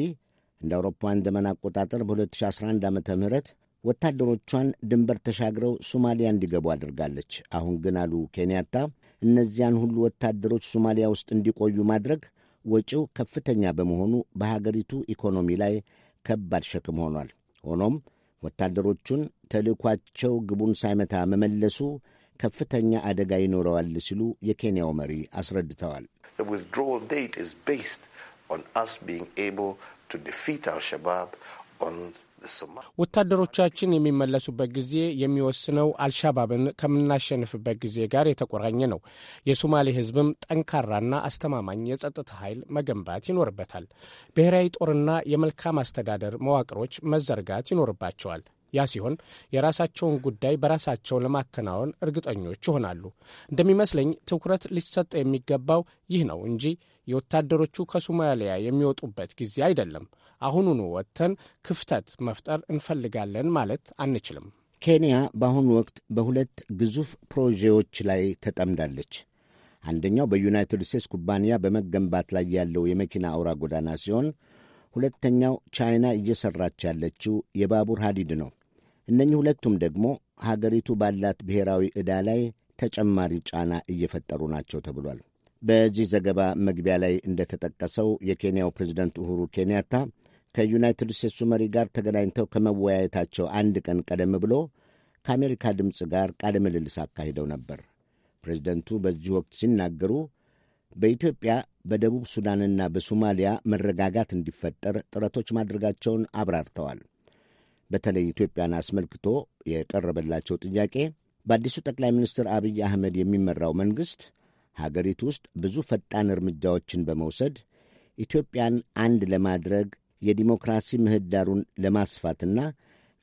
እንደ አውሮፓውያን ዘመን አቆጣጠር በ2011 ዓ ም ወታደሮቿን ድንበር ተሻግረው ሶማሊያ እንዲገቡ አድርጋለች። አሁን ግን አሉ ኬንያታ፣ እነዚያን ሁሉ ወታደሮች ሶማሊያ ውስጥ እንዲቆዩ ማድረግ ወጪው ከፍተኛ በመሆኑ በሀገሪቱ ኢኮኖሚ ላይ ከባድ ሸክም ሆኗል። ሆኖም ወታደሮቹን ተልእኳቸው ግቡን ሳይመታ መመለሱ ከፍተኛ አደጋ ይኖረዋል ሲሉ የኬንያው መሪ አስረድተዋል። ስ ወታደሮቻችን የሚመለሱበት ጊዜ የሚወስነው አልሻባብን ከምናሸንፍበት ጊዜ ጋር የተቆራኘ ነው። የሶማሌ ሕዝብም ጠንካራና አስተማማኝ የጸጥታ ኃይል መገንባት ይኖርበታል። ብሔራዊ ጦርና የመልካም አስተዳደር መዋቅሮች መዘርጋት ይኖርባቸዋል። ያ ሲሆን የራሳቸውን ጉዳይ በራሳቸው ለማከናወን እርግጠኞች ይሆናሉ። እንደሚመስለኝ ትኩረት ሊሰጥ የሚገባው ይህ ነው እንጂ የወታደሮቹ ከሶማሊያ የሚወጡበት ጊዜ አይደለም። አሁኑኑ ወጥተን ክፍተት መፍጠር እንፈልጋለን ማለት አንችልም። ኬንያ በአሁኑ ወቅት በሁለት ግዙፍ ፕሮጀዎች ላይ ተጠምዳለች። አንደኛው በዩናይትድ ስቴትስ ኩባንያ በመገንባት ላይ ያለው የመኪና አውራ ጎዳና ሲሆን ሁለተኛው ቻይና እየሠራች ያለችው የባቡር ሐዲድ ነው። እነኚህ ሁለቱም ደግሞ ሀገሪቱ ባላት ብሔራዊ ዕዳ ላይ ተጨማሪ ጫና እየፈጠሩ ናቸው ተብሏል። በዚህ ዘገባ መግቢያ ላይ እንደተጠቀሰው የኬንያው ፕሬዝደንት ኡሁሩ ኬንያታ ከዩናይትድ ስቴትሱ መሪ ጋር ተገናኝተው ከመወያየታቸው አንድ ቀን ቀደም ብሎ ከአሜሪካ ድምፅ ጋር ቃለ ምልልስ አካሂደው ነበር። ፕሬዚደንቱ በዚህ ወቅት ሲናገሩ በኢትዮጵያ በደቡብ ሱዳንና በሶማሊያ መረጋጋት እንዲፈጠር ጥረቶች ማድረጋቸውን አብራርተዋል። በተለይ ኢትዮጵያን አስመልክቶ የቀረበላቸው ጥያቄ በአዲሱ ጠቅላይ ሚኒስትር አብይ አህመድ የሚመራው መንግሥት ሀገሪቱ ውስጥ ብዙ ፈጣን እርምጃዎችን በመውሰድ ኢትዮጵያን አንድ ለማድረግ የዲሞክራሲ ምህዳሩን ለማስፋትና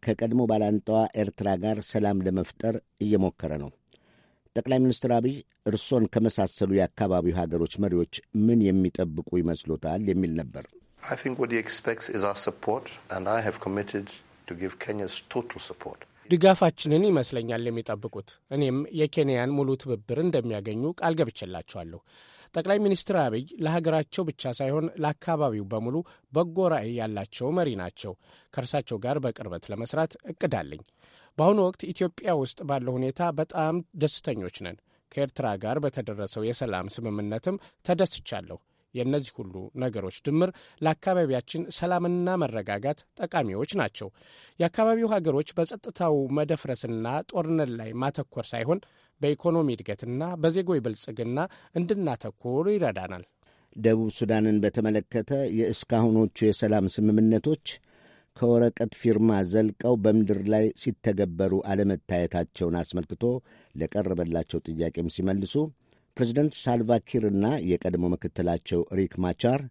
ከቀድሞ ባላንጣዋ ኤርትራ ጋር ሰላም ለመፍጠር እየሞከረ ነው። ጠቅላይ ሚኒስትር አብይ እርሶን ከመሳሰሉ የአካባቢው ሀገሮች መሪዎች ምን የሚጠብቁ ይመስሎታል? የሚል ነበር። ድጋፋችንን ይመስለኛል የሚጠብቁት። እኔም የኬንያን ሙሉ ትብብር እንደሚያገኙ ቃል ገብቼላቸዋለሁ። ጠቅላይ ሚኒስትር አብይ ለሀገራቸው ብቻ ሳይሆን ለአካባቢው በሙሉ በጎ ራዕይ ያላቸው መሪ ናቸው። ከእርሳቸው ጋር በቅርበት ለመስራት እቅድ አለኝ። በአሁኑ ወቅት ኢትዮጵያ ውስጥ ባለው ሁኔታ በጣም ደስተኞች ነን። ከኤርትራ ጋር በተደረሰው የሰላም ስምምነትም ተደስቻለሁ። የእነዚህ ሁሉ ነገሮች ድምር ለአካባቢያችን ሰላምና መረጋጋት ጠቃሚዎች ናቸው። የአካባቢው ሀገሮች በጸጥታው መደፍረስና ጦርነት ላይ ማተኮር ሳይሆን በኢኮኖሚ እድገትና በዜጎች ብልጽግና እንድናተኩር ይረዳናል። ደቡብ ሱዳንን በተመለከተ የእስካሁኖቹ የሰላም ስምምነቶች ከወረቀት ፊርማ ዘልቀው በምድር ላይ ሲተገበሩ አለመታየታቸውን አስመልክቶ ለቀረበላቸው ጥያቄም ሲመልሱ ፕሬዚደንት ሳልቫኪርና የቀድሞ ምክትላቸው ሪክ ማቻር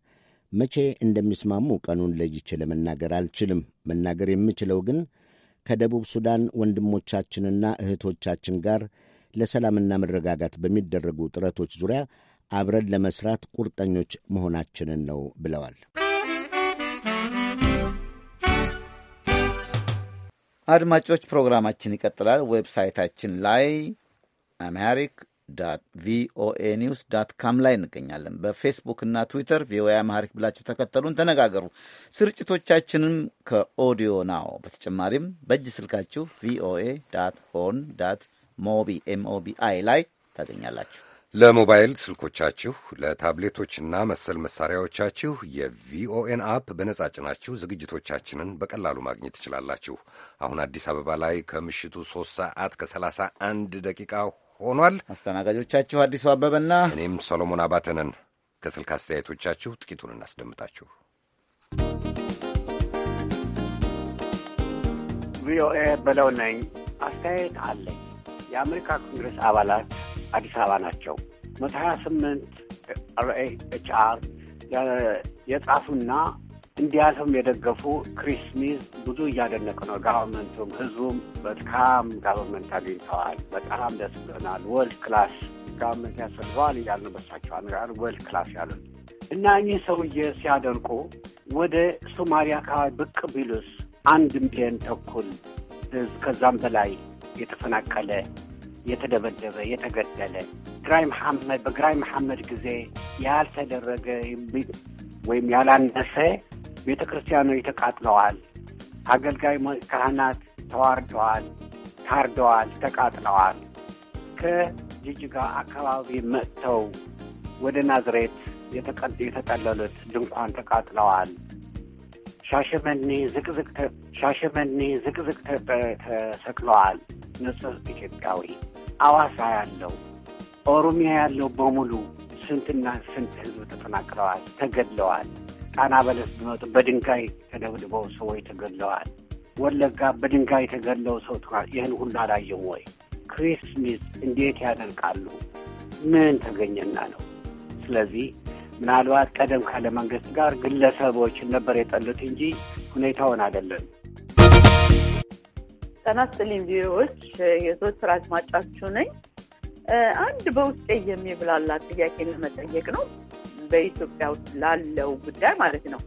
መቼ እንደሚስማሙ ቀኑን ለይቼ ለመናገር አልችልም። መናገር የምችለው ግን ከደቡብ ሱዳን ወንድሞቻችንና እህቶቻችን ጋር ለሰላምና መረጋጋት በሚደረጉ ጥረቶች ዙሪያ አብረን ለመስራት ቁርጠኞች መሆናችንን ነው ብለዋል። አድማጮች ፕሮግራማችን ይቀጥላል። ዌብሳይታችን ላይ አምሃሪክ ዳት ቪኦኤ ኒውስ ዳት ካም ላይ እንገኛለን። በፌስቡክ እና ትዊተር ቪኦኤ አምሃሪክ ብላችሁ ተከተሉን፣ ተነጋገሩ። ስርጭቶቻችንም ከኦዲዮ ናው በተጨማሪም በእጅ ስልካችሁ ቪኦኤ ዳት ሆን ዳት ሞቢ ኤምኦቢአይ ላይ ታገኛላችሁ። ለሞባይል ስልኮቻችሁ ለታብሌቶችና መሰል መሳሪያዎቻችሁ የቪኦኤን አፕ በነጻ ጭናችሁ ዝግጅቶቻችንን በቀላሉ ማግኘት ትችላላችሁ። አሁን አዲስ አበባ ላይ ከምሽቱ 3 ሰዓት ከ አንድ ደቂቃ ሆኗል። አስተናጋጆቻችሁ አዲሱ አበበና እኔም ሰሎሞን አባተነን። ከስልክ አስተያየቶቻችሁ ጥቂቱን እናስደምጣችሁ። ቪኦኤ በለው ነኝ። አስተያየት አለኝ የአሜሪካ ኮንግረስ አባላት አዲስ አበባ ናቸው። መቶ ሀያ ስምንት ኤች አር የጻፉና እንዲያልፍም የደገፉ ክሪስሚስ ብዙ እያደነቅ ነው። ጋቨርንመንቱም ህዝቡም በጣም ጋቨርንመንት አግኝተዋል፣ በጣም ደስ ብለናል፣ ወርልድ ክላስ ጋቨርንመንት ያስፈልገዋል እያሉ ነው በሳቸው አነጋገር ወርልድ ክላስ ያሉ እና እኚህ ሰውዬ ሲያደንቁ ወደ ሶማሊያ አካባቢ ብቅ ቢሉስ አንድ ሚሊዮን ተኩል ህዝብ ከዛም በላይ የተፈናቀለ የተደበደበ የተገደለ ግራይ መሐመድ በግራይ መሐመድ ጊዜ ያልተደረገ ወይም ያላነሰ ቤተ ክርስቲያኖች ተቃጥለዋል። አገልጋይ ካህናት ተዋርደዋል፣ ታርደዋል፣ ተቃጥለዋል። ከጅጅጋ አካባቢ መጥተው ወደ ናዝሬት የተጠለሉት ድንኳን ተቃጥለዋል። ሻሸመኔ ዝቅዝቅ ሻሸመኔ ዝቅዝቅ ተሰቅለዋል። ንጹህ ኢትዮጵያዊ አዋሳ ያለው ኦሮሚያ ያለው በሙሉ ስንትና ስንት ህዝብ ተፈናቅለዋል፣ ተገድለዋል። ጣና በለስ ብመጡ በድንጋይ ተደብድበው ሰዎች ተገድለዋል። ወለጋ በድንጋይ ተገድለው ሰው ይህን ሁሉ አላየም ወይ? ክሪስሚስ እንዴት ያደርቃሉ? ምን ተገኘና ነው? ስለዚህ ምናልባት ቀደም ካለ መንግስት ጋር ግለሰቦችን ነበር የጠሉት እንጂ ሁኔታውን አይደለም። ጤና ይስጥልኝ ቪዲዮዎች የዘወትር አድማጫችሁ ነኝ። አንድ በውስጤ የሚብላላ ጥያቄ ለመጠየቅ ነው። በኢትዮጵያ ውስጥ ላለው ጉዳይ ማለት ነው።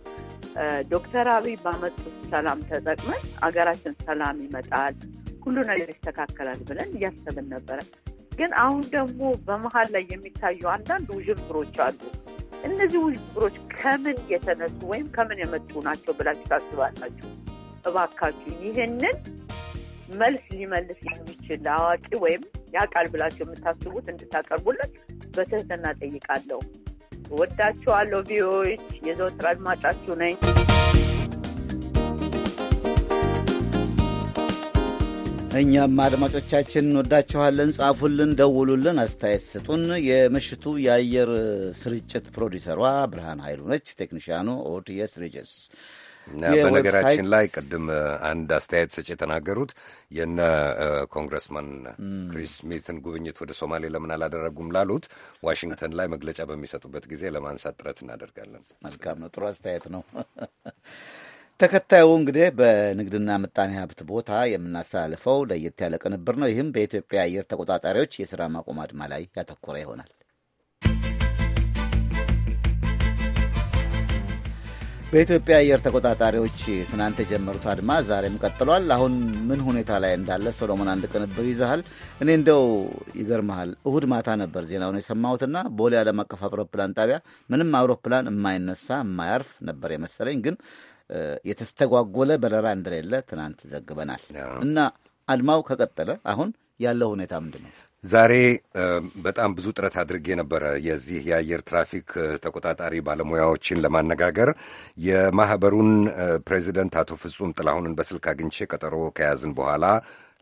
ዶክተር አብይ ባመጡት ሰላም ተጠቅመን አገራችን ሰላም ይመጣል፣ ሁሉ ነገር ይስተካከላል ብለን እያሰብን ነበረ። ግን አሁን ደግሞ በመሀል ላይ የሚታዩ አንዳንድ ውዥንብሮች አሉ። እነዚህ ውዥንብሮች ከምን የተነሱ ወይም ከምን የመጡ ናቸው ብላችሁ ታስባላችሁ? እባካችሁ ይህንን መልስ ሊመልስ የሚችል አዋቂ ወይም ያውቃል ብላችሁ የምታስቡት እንድታቀርቡልን በትህትና ጠይቃለሁ። ወዳችኋለሁ። ቪዎች የዘወትር አድማጫችሁ ነኝ። እኛም አድማጮቻችን እንወዳችኋለን። ጻፉልን፣ ደውሉልን፣ አስተያየት ስጡን። የምሽቱ የአየር ስርጭት ፕሮዲሰሯ ብርሃን ኃይሉ ነች። ቴክኒሽያኑ ኦድየስ ሬጀስ በነገራችን ላይ ቅድም አንድ አስተያየት ሰጭ የተናገሩት የነ ኮንግረስማን ክሪስ ስሚትን ጉብኝት ወደ ሶማሌ ለምን አላደረጉም ላሉት ዋሽንግተን ላይ መግለጫ በሚሰጡበት ጊዜ ለማንሳት ጥረት እናደርጋለን። መልካም ነው። ጥሩ አስተያየት ነው። [laughs] ተከታዩ እንግዲህ በንግድና ምጣኔ ሀብት ቦታ የምናስተላልፈው ለየት ያለ ቅንብር ነው። ይህም በኢትዮጵያ አየር ተቆጣጣሪዎች የስራ ማቆም አድማ ላይ ያተኮረ ይሆናል። በኢትዮጵያ አየር ተቆጣጣሪዎች ትናንት የጀመሩት አድማ ዛሬም ቀጥሏል። አሁን ምን ሁኔታ ላይ እንዳለ ሶሎሞን አንድ ቅንብር ይዘሃል። እኔ እንደው ይገርመሃል፣ እሁድ ማታ ነበር ዜናውን የሰማሁትና ቦሌ ዓለም አቀፍ አውሮፕላን ጣቢያ ምንም አውሮፕላን የማይነሳ የማያርፍ ነበር የመሰለኝ፣ ግን የተስተጓጎለ በረራ እንደሌለ ትናንት ዘግበናል። እና አድማው ከቀጠለ አሁን ያለው ሁኔታ ምንድን ነው? ዛሬ በጣም ብዙ ጥረት አድርጌ ነበረ የዚህ የአየር ትራፊክ ተቆጣጣሪ ባለሙያዎችን ለማነጋገር የማኅበሩን ፕሬዚደንት አቶ ፍጹም ጥላሁንን በስልክ አግኝቼ ቀጠሮ ከያዝን በኋላ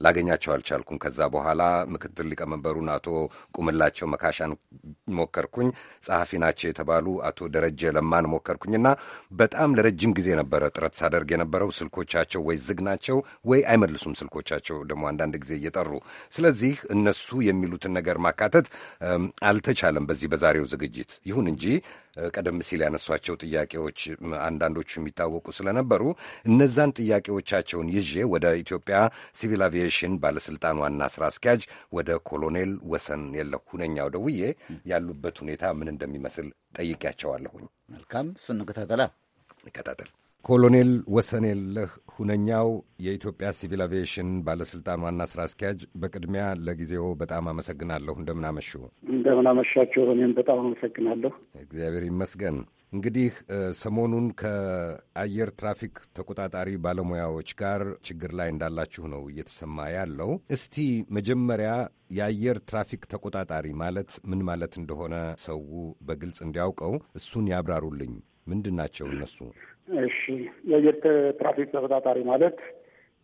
ላገኛቸው አልቻልኩም። ከዛ በኋላ ምክትል ሊቀመንበሩን አቶ ቁምላቸው መካሻን ሞከርኩኝ። ጸሐፊ ናቸው የተባሉ አቶ ደረጀ ለማን ሞከርኩኝና በጣም ለረጅም ጊዜ ነበረ ጥረት ሳደርግ የነበረው። ስልኮቻቸው ወይ ዝግ ናቸው ወይ አይመልሱም። ስልኮቻቸው ደግሞ አንዳንድ ጊዜ እየጠሩ ስለዚህ እነሱ የሚሉትን ነገር ማካተት አልተቻለም በዚህ በዛሬው ዝግጅት። ይሁን እንጂ ቀደም ሲል ያነሷቸው ጥያቄዎች አንዳንዶቹ የሚታወቁ ስለነበሩ እነዛን ጥያቄዎቻቸውን ይዤ ወደ ኢትዮጵያ ሲቪል አቪዬሽን ባለስልጣን ዋና ስራ አስኪያጅ ወደ ኮሎኔል ወሰን የለሁ ሁነኛው ደውዬ ያሉበት ሁኔታ ምን እንደሚመስል ጠይቄያቸዋለሁኝ። መልካም፣ እሱን እንከታተላ እንከታተል ኮሎኔል ወሰንየለህ ሁነኛው የኢትዮጵያ ሲቪል አቪዬሽን ባለሥልጣን ዋና ሥራ አስኪያጅ፣ በቅድሚያ ለጊዜው በጣም አመሰግናለሁ። እንደምን እንደምናመሻቸው። እኔም በጣም አመሰግናለሁ። እግዚአብሔር ይመስገን። እንግዲህ ሰሞኑን ከአየር ትራፊክ ተቆጣጣሪ ባለሙያዎች ጋር ችግር ላይ እንዳላችሁ ነው እየተሰማ ያለው። እስቲ መጀመሪያ የአየር ትራፊክ ተቆጣጣሪ ማለት ምን ማለት እንደሆነ ሰው በግልጽ እንዲያውቀው እሱን ያብራሩልኝ። ምንድን ናቸው እነሱ? እሺ የአየር ትራፊክ ተቆጣጣሪ ማለት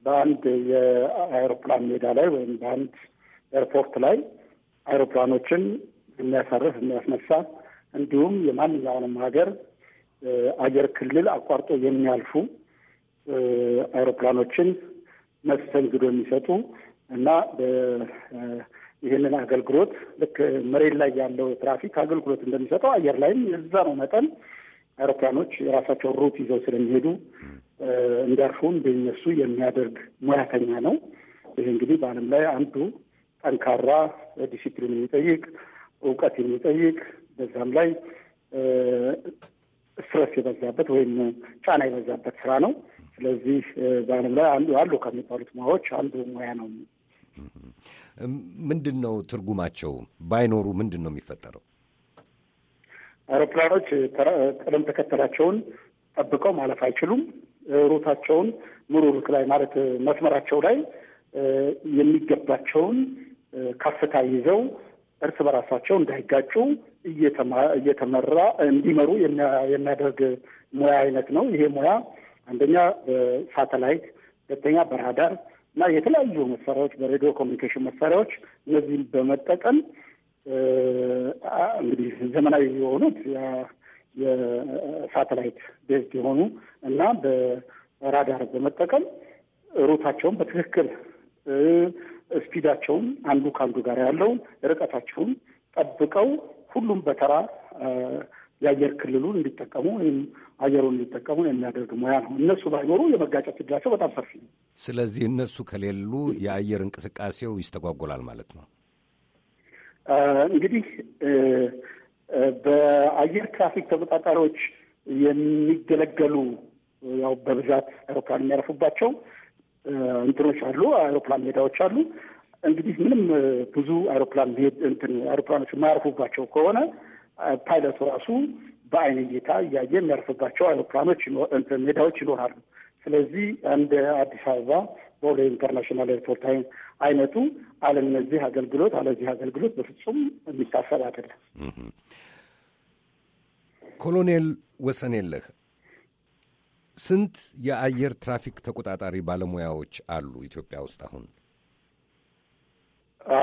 በአንድ የአይሮፕላን ሜዳ ላይ ወይም በአንድ ኤርፖርት ላይ አይሮፕላኖችን የሚያሳርፍ የሚያስነሳ፣ እንዲሁም የማንኛውንም ሀገር አየር ክልል አቋርጦ የሚያልፉ አይሮፕላኖችን መስተንግዶ የሚሰጡ እና ይህንን አገልግሎት ልክ መሬት ላይ ያለው ትራፊክ አገልግሎት እንደሚሰጠው አየር ላይም የዛ ነው መጠን አውሮፕላኖች የራሳቸውን ሩት ይዘው ስለሚሄዱ እንዲያርፉን በነሱ የሚያደርግ ሙያተኛ ነው። ይህ እንግዲህ በዓለም ላይ አንዱ ጠንካራ ዲሲፕሊን የሚጠይቅ እውቀት የሚጠይቅ በዛም ላይ ስትረስ የበዛበት ወይም ጫና የበዛበት ስራ ነው። ስለዚህ በዓለም ላይ አንዱ አሉ ከሚባሉት ሙያዎች አንዱ ሙያ ነው። ምንድን ነው ትርጉማቸው? ባይኖሩ ምንድን ነው የሚፈጠረው? አውሮፕላኖች ቅደም ተከተላቸውን ጠብቀው ማለፍ አይችሉም። ሩታቸውን ሩት ላይ ማለት መስመራቸው ላይ የሚገባቸውን ከፍታ ይዘው እርስ በራሳቸው እንዳይጋጩ እየተመራ እንዲመሩ የሚያደርግ ሙያ አይነት ነው። ይሄ ሙያ አንደኛ በሳተላይት ሁለተኛ በራዳር እና የተለያዩ መሳሪያዎች፣ በሬዲዮ ኮሚኒኬሽን መሳሪያዎች እነዚህን በመጠቀም እንግዲህ ዘመናዊ የሆኑት የሳተላይት ቤዝድ የሆኑ እና በራዳር በመጠቀም ሩታቸውን በትክክል ስፒዳቸውን አንዱ ከአንዱ ጋር ያለውን ርቀታቸውን ጠብቀው ሁሉም በተራ የአየር ክልሉን እንዲጠቀሙ ወይም አየሩን እንዲጠቀሙ የሚያደርግ ሙያ ነው። እነሱ ባይኖሩ የመጋጨት እድላቸው በጣም ሰፊ ነው። ስለዚህ እነሱ ከሌሉ የአየር እንቅስቃሴው ይስተጓጎላል ማለት ነው። እንግዲህ በአየር ትራፊክ ተቆጣጣሪዎች የሚገለገሉ ያው በብዛት አሮፕላን የሚያረፉባቸው እንትኖች አሉ፣ አውሮፕላን ሜዳዎች አሉ። እንግዲህ ምንም ብዙ አውሮፕላን እንትን አውሮፕላኖች የማያርፉባቸው ከሆነ ፓይለቱ ራሱ በአይን እይታ እያየ የሚያርፍባቸው አውሮፕላኖች እንትን ሜዳዎች ይኖራሉ። ስለዚህ እንደ አዲስ አበባ ቦሌ ኢንተርናሽናል ኤርፖርት አይነቱ አለነዚህ አገልግሎት አለዚህ አገልግሎት በፍጹም የሚታሰብ አይደለም። ኮሎኔል ወሰን የለህ ስንት የአየር ትራፊክ ተቆጣጣሪ ባለሙያዎች አሉ ኢትዮጵያ ውስጥ አሁን?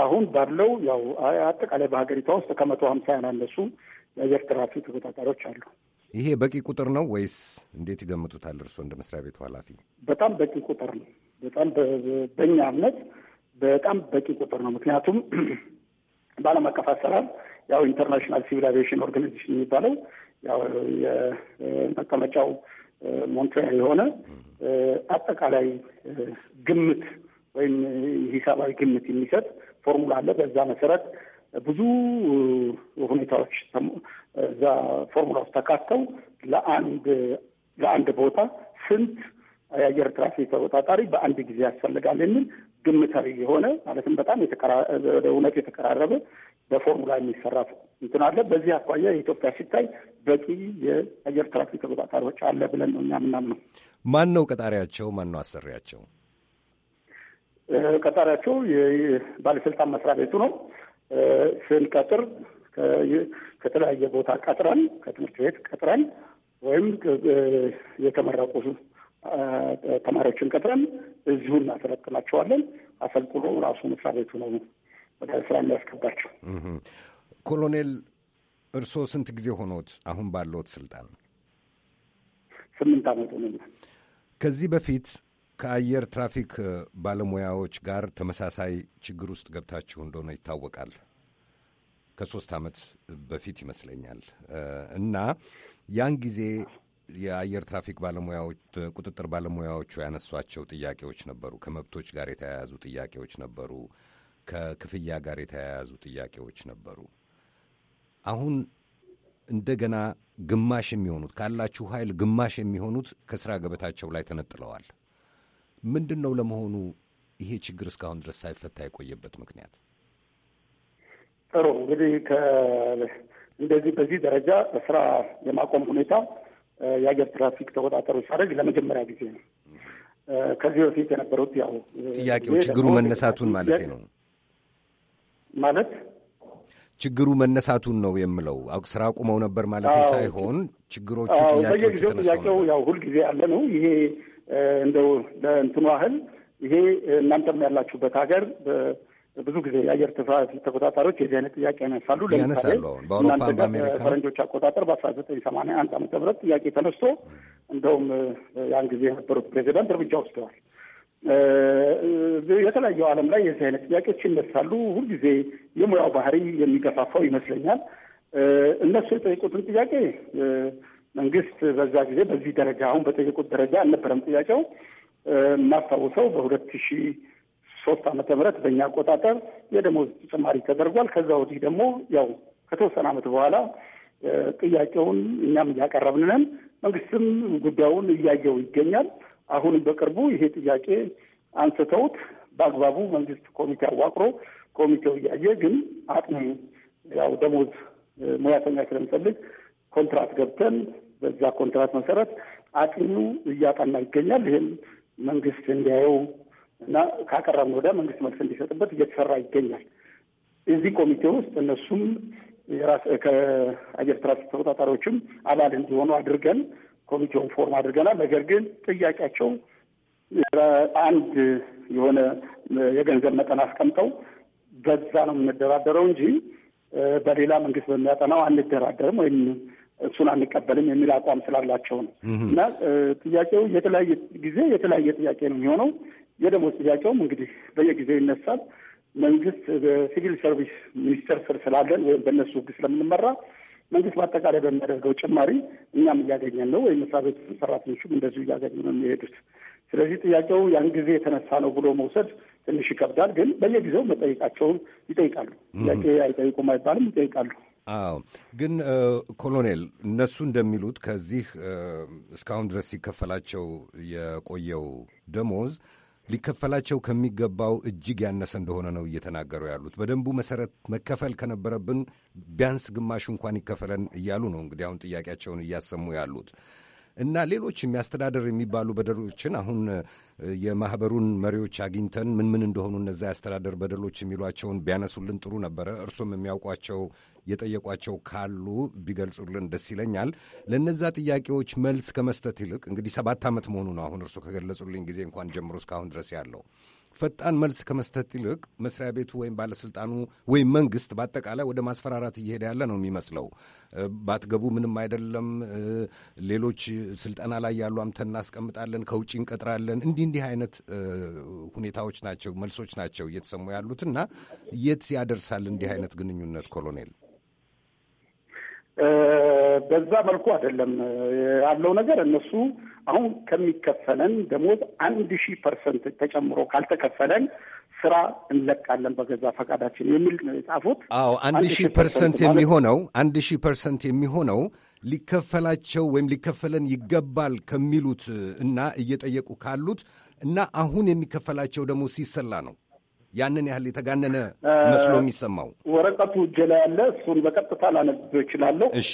አሁን ባለው ያው አጠቃላይ በሀገሪቷ ውስጥ ከመቶ ሀምሳ ያናነሱ የአየር ትራፊክ ተቆጣጣሪዎች አሉ። ይሄ በቂ ቁጥር ነው ወይስ እንዴት ይገምቱታል እርስዎ እንደ መስሪያ ቤቱ ኃላፊ? በጣም በቂ ቁጥር ነው። በጣም በእኛ እምነት በጣም በቂ ቁጥር ነው። ምክንያቱም [clears throat] በዓለም አቀፍ አሰራር ያው ኢንተርናሽናል ሲቪል አቪዬሽን ኦርጋናይዜሽን የሚባለው ያው የመቀመጫው ሞንትሪያል የሆነ አጠቃላይ ግምት ወይም ሂሳባዊ ግምት የሚሰጥ ፎርሙላ አለ። በዛ መሰረት ብዙ ሁኔታዎች እዛ ፎርሙላ ውስጥ ተካተው ለአንድ ለአንድ ቦታ ስንት የአየር ትራፊክ ተቆጣጣሪ በአንድ ጊዜ ያስፈልጋል የሚል ግምታዊ የሆነ ማለትም በጣም እውነት የተቀራረበ በፎርሙላ የሚሰራ እንትን አለ። በዚህ አኳያ የኢትዮጵያ ሲታይ በቂ የአየር ትራፊክ ተቆጣጣሪዎች አለ ብለን ነው እኛ ምናምነው። ማን ነው ቀጣሪያቸው? ማን ነው አሰሪያቸው? ቀጣሪያቸው የባለስልጣን መስሪያ ቤቱ ነው። ስንቀጥር ከተለያየ ቦታ ቀጥረን ከትምህርት ቤት ቀጥረን ወይም የተመረቁ ተማሪዎችን ቀጥረን እዚሁ እናሰለጥናቸዋለን። አሰልጥኖ ራሱ መስሪያ ቤቱ ነው ወደ ስራ የሚያስገባቸው። ኮሎኔል እርስዎ ስንት ጊዜ ሆኖት አሁን ባለዎት ስልጣን? ስምንት ዓመቱ ነው። ከዚህ በፊት ከአየር ትራፊክ ባለሙያዎች ጋር ተመሳሳይ ችግር ውስጥ ገብታችሁ እንደሆነ ይታወቃል። ከሶስት ዓመት በፊት ይመስለኛል እና ያን ጊዜ የአየር ትራፊክ ባለሙያዎች ቁጥጥር ባለሙያዎቹ ያነሷቸው ጥያቄዎች ነበሩ። ከመብቶች ጋር የተያያዙ ጥያቄዎች ነበሩ። ከክፍያ ጋር የተያያዙ ጥያቄዎች ነበሩ። አሁን እንደገና ግማሽ የሚሆኑት ካላችሁ ኃይል ግማሽ የሚሆኑት ከስራ ገበታቸው ላይ ተነጥለዋል። ምንድን ነው ለመሆኑ ይሄ ችግር እስካሁን ድረስ ሳይፈታ የቆየበት ምክንያት? ጥሩ እንግዲህ እንደዚህ በዚህ ደረጃ በስራ የማቆም ሁኔታ የአየር ትራፊክ ተቆጣጠሮች ሳደርግ ለመጀመሪያ ጊዜ ነው። ከዚህ በፊት የነበሩት ያው ጥያቄው ችግሩ መነሳቱን ማለት ነው ማለት ችግሩ መነሳቱን ነው የምለው። ስራ አቁመው ነበር ማለት ሳይሆን ችግሮቹ ጥያቄው ጥያቄው ያው ሁልጊዜ ያለ ነው። ይሄ እንደው ለእንትኑ ያህል ይሄ እናንተም ያላችሁበት ሀገር ብዙ ጊዜ የአየር ትራፊክ ተቆጣጣሪዎች የዚህ አይነት ጥያቄ ያነሳሉ። ለምሳሌ እናንተ ጋር ፈረንጆች አቆጣጠር በአስራ ዘጠኝ ሰማንያ አንድ ዓመተ ምህረት ጥያቄ ተነስቶ እንደውም ያን ጊዜ የነበሩት ፕሬዚዳንት እርምጃ ወስደዋል። የተለያዩ ዓለም ላይ የዚህ አይነት ጥያቄዎች ይነሳሉ። ሁልጊዜ የሙያው ባህሪ የሚገፋፋው ይመስለኛል። እነሱ የጠየቁትን ጥያቄ መንግስት በዛ ጊዜ በዚህ ደረጃ አሁን በጠየቁት ደረጃ አልነበረም ጥያቄው። የማስታውሰው በሁለት ሺህ ሶስት አመተ ምህረት በእኛ አቆጣጠር የደሞዝ ተጨማሪ ተደርጓል። ከዛ ወዲህ ደግሞ ያው ከተወሰነ አመት በኋላ ጥያቄውን እኛም እያቀረብን መንግስትም ጉዳዩን እያየው ይገኛል። አሁንም በቅርቡ ይሄ ጥያቄ አንስተውት በአግባቡ መንግስት ኮሚቴ አዋቅሮ ኮሚቴው እያየ ግን አጥኒ ያው ደሞዝ ሙያተኛ ስለሚፈልግ ኮንትራት ገብተን በዛ ኮንትራት መሰረት አጥኚው እያጠና ይገኛል። ይህም መንግስት እንዲያየው እና ካቀረብን ወዲያ መንግስት መልስ እንዲሰጥበት እየተሰራ ይገኛል። እዚህ ኮሚቴ ውስጥ እነሱም ከአየር ትራፊክ ተቆጣጣሪዎችም አባል እንዲሆኑ አድርገን ኮሚቴውን ፎርም አድርገናል። ነገር ግን ጥያቄያቸው አንድ የሆነ የገንዘብ መጠን አስቀምጠው በዛ ነው የምንደራደረው እንጂ በሌላ መንግስት በሚያጠናው አንደራደርም ወይም እሱን አንቀበልም የሚል አቋም ስላላቸው ነው እና ጥያቄው የተለያየ ጊዜ የተለያየ ጥያቄ ነው የሚሆነው። የደሞዝ ጥያቄውም እንግዲህ በየጊዜው ይነሳል። መንግስት በሲቪል ሰርቪስ ሚኒስቴር ስር ስላለን ወይም በእነሱ ህግ ስለምንመራ መንግስት በአጠቃላይ በሚያደርገው ጭማሪ እኛም እያገኘን ነው፣ ወይም መስሪያ ቤት ሰራተኞቹም እንደዚሁ እያገኙ ነው የሚሄዱት። ስለዚህ ጥያቄው ያን ጊዜ የተነሳ ነው ብሎ መውሰድ ትንሽ ይከብዳል። ግን በየጊዜው መጠየቃቸውን ይጠይቃሉ። ጥያቄ አይጠይቁም አይባልም፣ ይጠይቃሉ። አዎ ግን ኮሎኔል፣ እነሱ እንደሚሉት ከዚህ እስካሁን ድረስ ሲከፈላቸው የቆየው ደሞዝ ሊከፈላቸው ከሚገባው እጅግ ያነሰ እንደሆነ ነው እየተናገሩ ያሉት። በደንቡ መሰረት መከፈል ከነበረብን ቢያንስ ግማሽ እንኳን ይከፈለን እያሉ ነው እንግዲህ አሁን ጥያቄያቸውን እያሰሙ ያሉት። እና ሌሎች የሚያስተዳደር የሚባሉ በደሎችን አሁን የማህበሩን መሪዎች አግኝተን ምን ምን እንደሆኑ እነዛ ያስተዳደር በደሎች የሚሏቸውን ቢያነሱልን ጥሩ ነበረ። እርሱም የሚያውቋቸው የጠየቋቸው ካሉ ቢገልጹልን ደስ ይለኛል። ለነዛ ጥያቄዎች መልስ ከመስጠት ይልቅ እንግዲህ ሰባት ዓመት መሆኑ ነው አሁን እርሱ ከገለጹልኝ ጊዜ እንኳን ጀምሮ እስካሁን ድረስ ያለው ፈጣን መልስ ከመስጠት ይልቅ መስሪያ ቤቱ ወይም ባለስልጣኑ ወይም መንግስት በአጠቃላይ ወደ ማስፈራራት እየሄደ ያለ ነው የሚመስለው። ባትገቡ ምንም አይደለም፣ ሌሎች ስልጠና ላይ ያሉ አምተን እናስቀምጣለን፣ ከውጭ እንቀጥራለን፣ እንዲህ እንዲህ አይነት ሁኔታዎች ናቸው መልሶች ናቸው እየተሰሙ ያሉትና የት ያደርሳል እንዲህ አይነት ግንኙነት ኮሎኔል? በዛ መልኩ አይደለም ያለው ነገር እነሱ አሁን ከሚከፈለን ደሞዝ አንድ ሺህ ፐርሰንት ተጨምሮ ካልተከፈለን ስራ እንለቃለን በገዛ ፈቃዳችን የሚል ነው የጻፉት። አዎ አንድ ሺህ ፐርሰንት የሚሆነው አንድ ሺህ ፐርሰንት የሚሆነው ሊከፈላቸው ወይም ሊከፈለን ይገባል ከሚሉት እና እየጠየቁ ካሉት እና አሁን የሚከፈላቸው ደግሞ ሲሰላ ነው ያንን ያህል የተጋነነ መስሎ የሚሰማው ወረቀቱ እጄ ላይ ያለ እሱን በቀጥታ ላነብ እችላለሁ። እሺ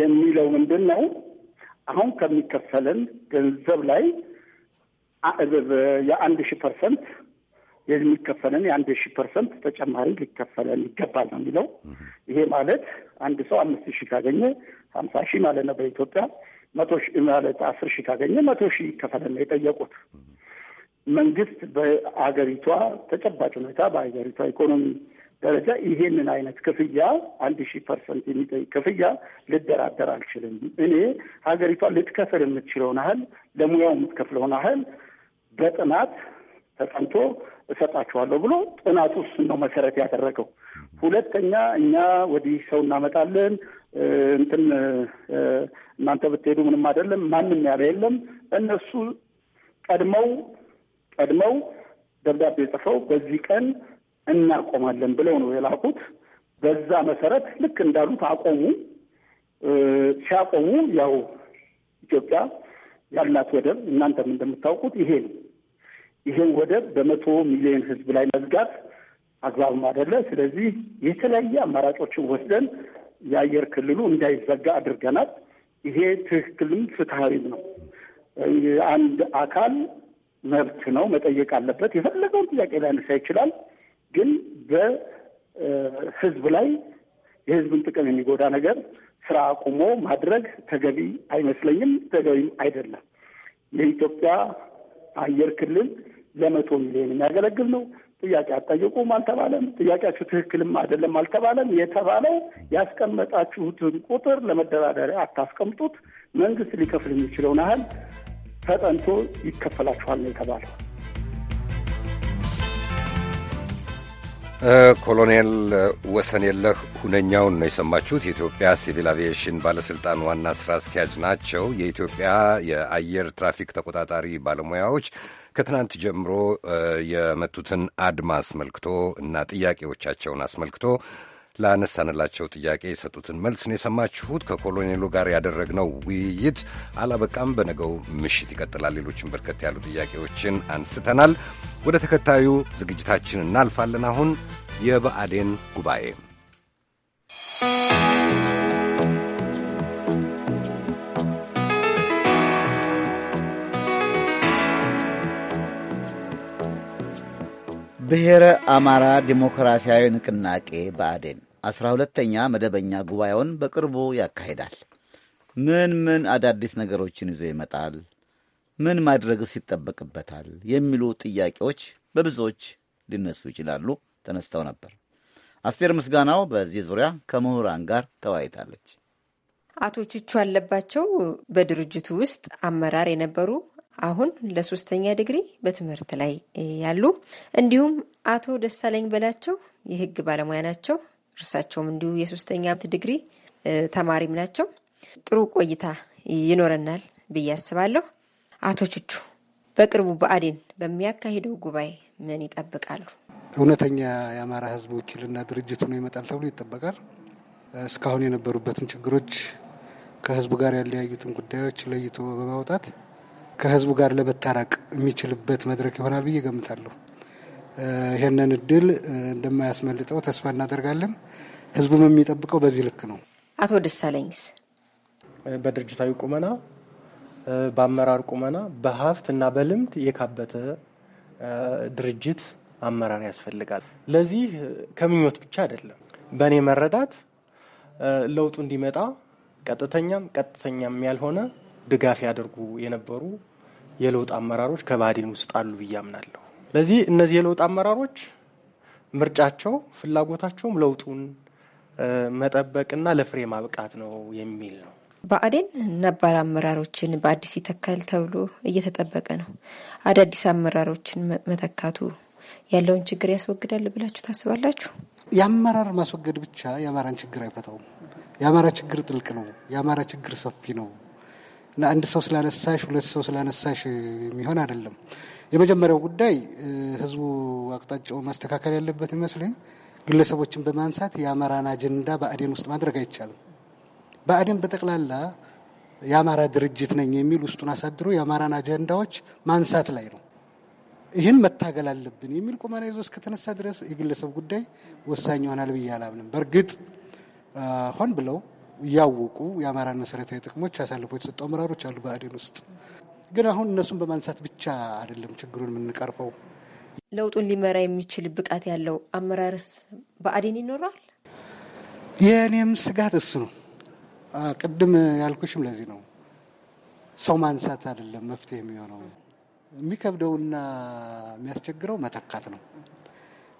የሚለው ምንድን ነው? አሁን ከሚከፈለን ገንዘብ ላይ የአንድ ሺህ ፐርሰንት የሚከፈለን የአንድ ሺህ ፐርሰንት ተጨማሪ ሊከፈለን ይገባል ነው የሚለው። ይሄ ማለት አንድ ሰው አምስት ሺህ ካገኘ ሀምሳ ሺህ ማለት ነው በኢትዮጵያ መቶ ሺህ ማለት አስር ሺህ ካገኘ መቶ ሺህ ይከፈለን ነው የጠየቁት። መንግስት በአገሪቷ ተጨባጭ ሁኔታ በአገሪቷ ኢኮኖሚ ደረጃ ይሄንን አይነት ክፍያ አንድ ሺህ ፐርሰንት የሚጠይቅ ክፍያ ልደራደር አልችልም። እኔ ሀገሪቷ ልትከፍል የምትችለውን ያህል ለሙያው የምትከፍለውን ያህል በጥናት ተጠንቶ እሰጣችኋለሁ ብሎ ጥናቱ እሱን ነው መሰረት ያደረገው። ሁለተኛ እኛ ወዲህ ሰው እናመጣለን እንትን እናንተ ብትሄዱ ምንም አይደለም ማንም ያለ የለም። እነሱ ቀድመው ቀድመው ደብዳቤ ጽፈው በዚህ ቀን እናቆማለን ብለው ነው የላኩት። በዛ መሰረት ልክ እንዳሉት አቆሙ። ሲያቆሙ ያው ኢትዮጵያ ያላት ወደብ እናንተም እንደምታውቁት ይሄ ነው። ይሄን ወደብ በመቶ ሚሊዮን ህዝብ ላይ መዝጋት አግባብም አይደለ። ስለዚህ የተለያየ አማራጮችን ወስደን የአየር ክልሉ እንዳይዘጋ አድርገናል። ይሄ ትክክልም ፍትሐዊም ነው። አንድ አካል መብት ነው መጠየቅ አለበት። የፈለገውን ጥያቄ ላይነሳ ይችላል። ግን በህዝብ ላይ የህዝብን ጥቅም የሚጎዳ ነገር ስራ አቁሞ ማድረግ ተገቢ አይመስለኝም፣ ተገቢም አይደለም። የኢትዮጵያ አየር ክልል ለመቶ ሚሊዮን የሚያገለግል ነው። ጥያቄ አጠየቁም አልተባለም። ጥያቄያችሁ ትክክልም አይደለም አልተባለም። የተባለው ያስቀመጣችሁትን ቁጥር ለመደራደሪያ አታስቀምጡት፣ መንግስት ሊከፍል የሚችለውን ያህል ተጠንቶ ይከፈላችኋል ነው የተባለው። ኮሎኔል ወሰን የለህ ሁነኛውን ነው የሰማችሁት። የኢትዮጵያ ሲቪል አቪዬሽን ባለሥልጣን ዋና ሥራ አስኪያጅ ናቸው። የኢትዮጵያ የአየር ትራፊክ ተቆጣጣሪ ባለሙያዎች ከትናንት ጀምሮ የመቱትን አድማ አስመልክቶ እና ጥያቄዎቻቸውን አስመልክቶ ላነሳንላቸው ጥያቄ የሰጡትን መልስ ነው የሰማችሁት። ከኮሎኔሉ ጋር ያደረግነው ውይይት አላበቃም። በነገው ምሽት ይቀጥላል። ሌሎችን በርከት ያሉ ጥያቄዎችን አንስተናል። ወደ ተከታዩ ዝግጅታችን እናልፋለን። አሁን የብአዴን ጉባኤ ብሔረ አማራ ዲሞክራሲያዊ ንቅናቄ ብአዴን አስራ ሁለተኛ መደበኛ ጉባኤውን በቅርቡ ያካሂዳል። ምን ምን አዳዲስ ነገሮችን ይዞ ይመጣል? ምን ማድረግስ ይጠበቅበታል? የሚሉ ጥያቄዎች በብዙዎች ሊነሱ ይችላሉ፣ ተነስተው ነበር። አስቴር ምስጋናው በዚህ ዙሪያ ከምሁራን ጋር ተወያይታለች። አቶ ቹቹ አለባቸው በድርጅቱ ውስጥ አመራር የነበሩ አሁን ለሶስተኛ ዲግሪ በትምህርት ላይ ያሉ እንዲሁም አቶ ደሳለኝ በላቸው የህግ ባለሙያ ናቸው። እርሳቸውም እንዲሁ የሶስተኛ ዓመት ዲግሪ ተማሪም ናቸው። ጥሩ ቆይታ ይኖረናል ብዬ አስባለሁ። አቶ ቹቹ በቅርቡ በአዴን በሚያካሂደው ጉባኤ ምን ይጠብቃሉ? እውነተኛ የአማራ ሕዝብ ወኪልና ድርጅት ነው ይመጣል ተብሎ ይጠበቃል። እስካሁን የነበሩበትን ችግሮች ከህዝቡ ጋር ያለያዩትን ጉዳዮች ለይቶ በማውጣት ከህዝቡ ጋር ለመታረቅ የሚችልበት መድረክ ይሆናል ብዬ ገምታለሁ። ይህንን እድል እንደማያስመልጠው ተስፋ እናደርጋለን። ህዝቡም የሚጠብቀው በዚህ ልክ ነው። አቶ ደሳለኝስ በድርጅታዊ ቁመና፣ በአመራር ቁመና፣ በሀብት እና በልምድ የካበተ ድርጅት አመራር ያስፈልጋል። ለዚህ ከምኞት ብቻ አይደለም። በእኔ መረዳት ለውጡ እንዲመጣ ቀጥተኛም ቀጥተኛም ያልሆነ ድጋፍ ያደርጉ የነበሩ የለውጥ አመራሮች ከባህዴን ውስጥ አሉ ብዬ አምናለሁ። ለዚህ እነዚህ የለውጥ አመራሮች ምርጫቸው፣ ፍላጎታቸውም ለውጡን መጠበቅና ለፍሬ ማብቃት ነው የሚል ነው። ብአዴን ነባር አመራሮችን በአዲስ ይተካል ተብሎ እየተጠበቀ ነው። አዳዲስ አመራሮችን መተካቱ ያለውን ችግር ያስወግዳል ብላችሁ ታስባላችሁ? የአመራር ማስወገድ ብቻ የአማራን ችግር አይፈታውም። የአማራ ችግር ጥልቅ ነው። የአማራ ችግር ሰፊ ነው እና አንድ ሰው ስላነሳሽ ሁለት ሰው ስላነሳሽ የሚሆን አይደለም። የመጀመሪያው ጉዳይ ህዝቡ አቅጣጫው ማስተካከል ያለበት ይመስለኝ ግለሰቦችን በማንሳት የአማራን አጀንዳ በአዴን ውስጥ ማድረግ አይቻልም። በአዴን በጠቅላላ የአማራ ድርጅት ነኝ የሚል ውስጡን አሳድሮ የአማራን አጀንዳዎች ማንሳት ላይ ነው። ይህን መታገል አለብን የሚል ቁመና ይዞ እስከተነሳ ድረስ የግለሰብ ጉዳይ ወሳኝ ይሆናል ብዬ አላምንም። በእርግጥ ሆን ብለው እያወቁ የአማራን መሰረታዊ ጥቅሞች አሳልፎ የተሰጠው አመራሮች አሉ በአዴን ውስጥ። ግን አሁን እነሱን በማንሳት ብቻ አይደለም ችግሩን የምንቀርፈው ለውጡን ሊመራ የሚችል ብቃት ያለው አመራርስ በአዴን ይኖረዋል? የእኔም ስጋት እሱ ነው። ቅድም ያልኩሽም ለዚህ ነው። ሰው ማንሳት አይደለም መፍትሄ የሚሆነው የሚከብደውና የሚያስቸግረው መተካት ነው።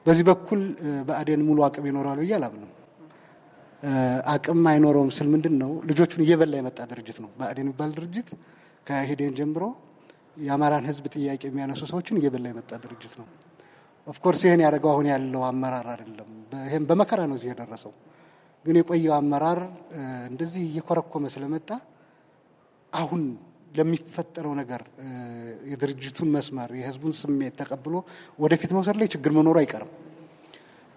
በዚህ በኩል በአዴን ሙሉ አቅም ይኖረዋል ብዬ አላምንም። አቅም አይኖረውም ስል ምንድን ነው ልጆቹን እየበላ የመጣ ድርጅት ነው በአዴን የሚባል ድርጅት ከሄደን ጀምሮ የአማራን ህዝብ ጥያቄ የሚያነሱ ሰዎችን እየበላ የመጣ ድርጅት ነው። ኦፍኮርስ ይህን ያደረገው አሁን ያለው አመራር አይደለም። ይህም በመከራ ነው እዚህ የደረሰው። ግን የቆየው አመራር እንደዚህ እየኮረኮመ ስለመጣ አሁን ለሚፈጠረው ነገር የድርጅቱን መስመር የህዝቡን ስሜት ተቀብሎ ወደፊት መውሰድ ላይ ችግር መኖሩ አይቀርም።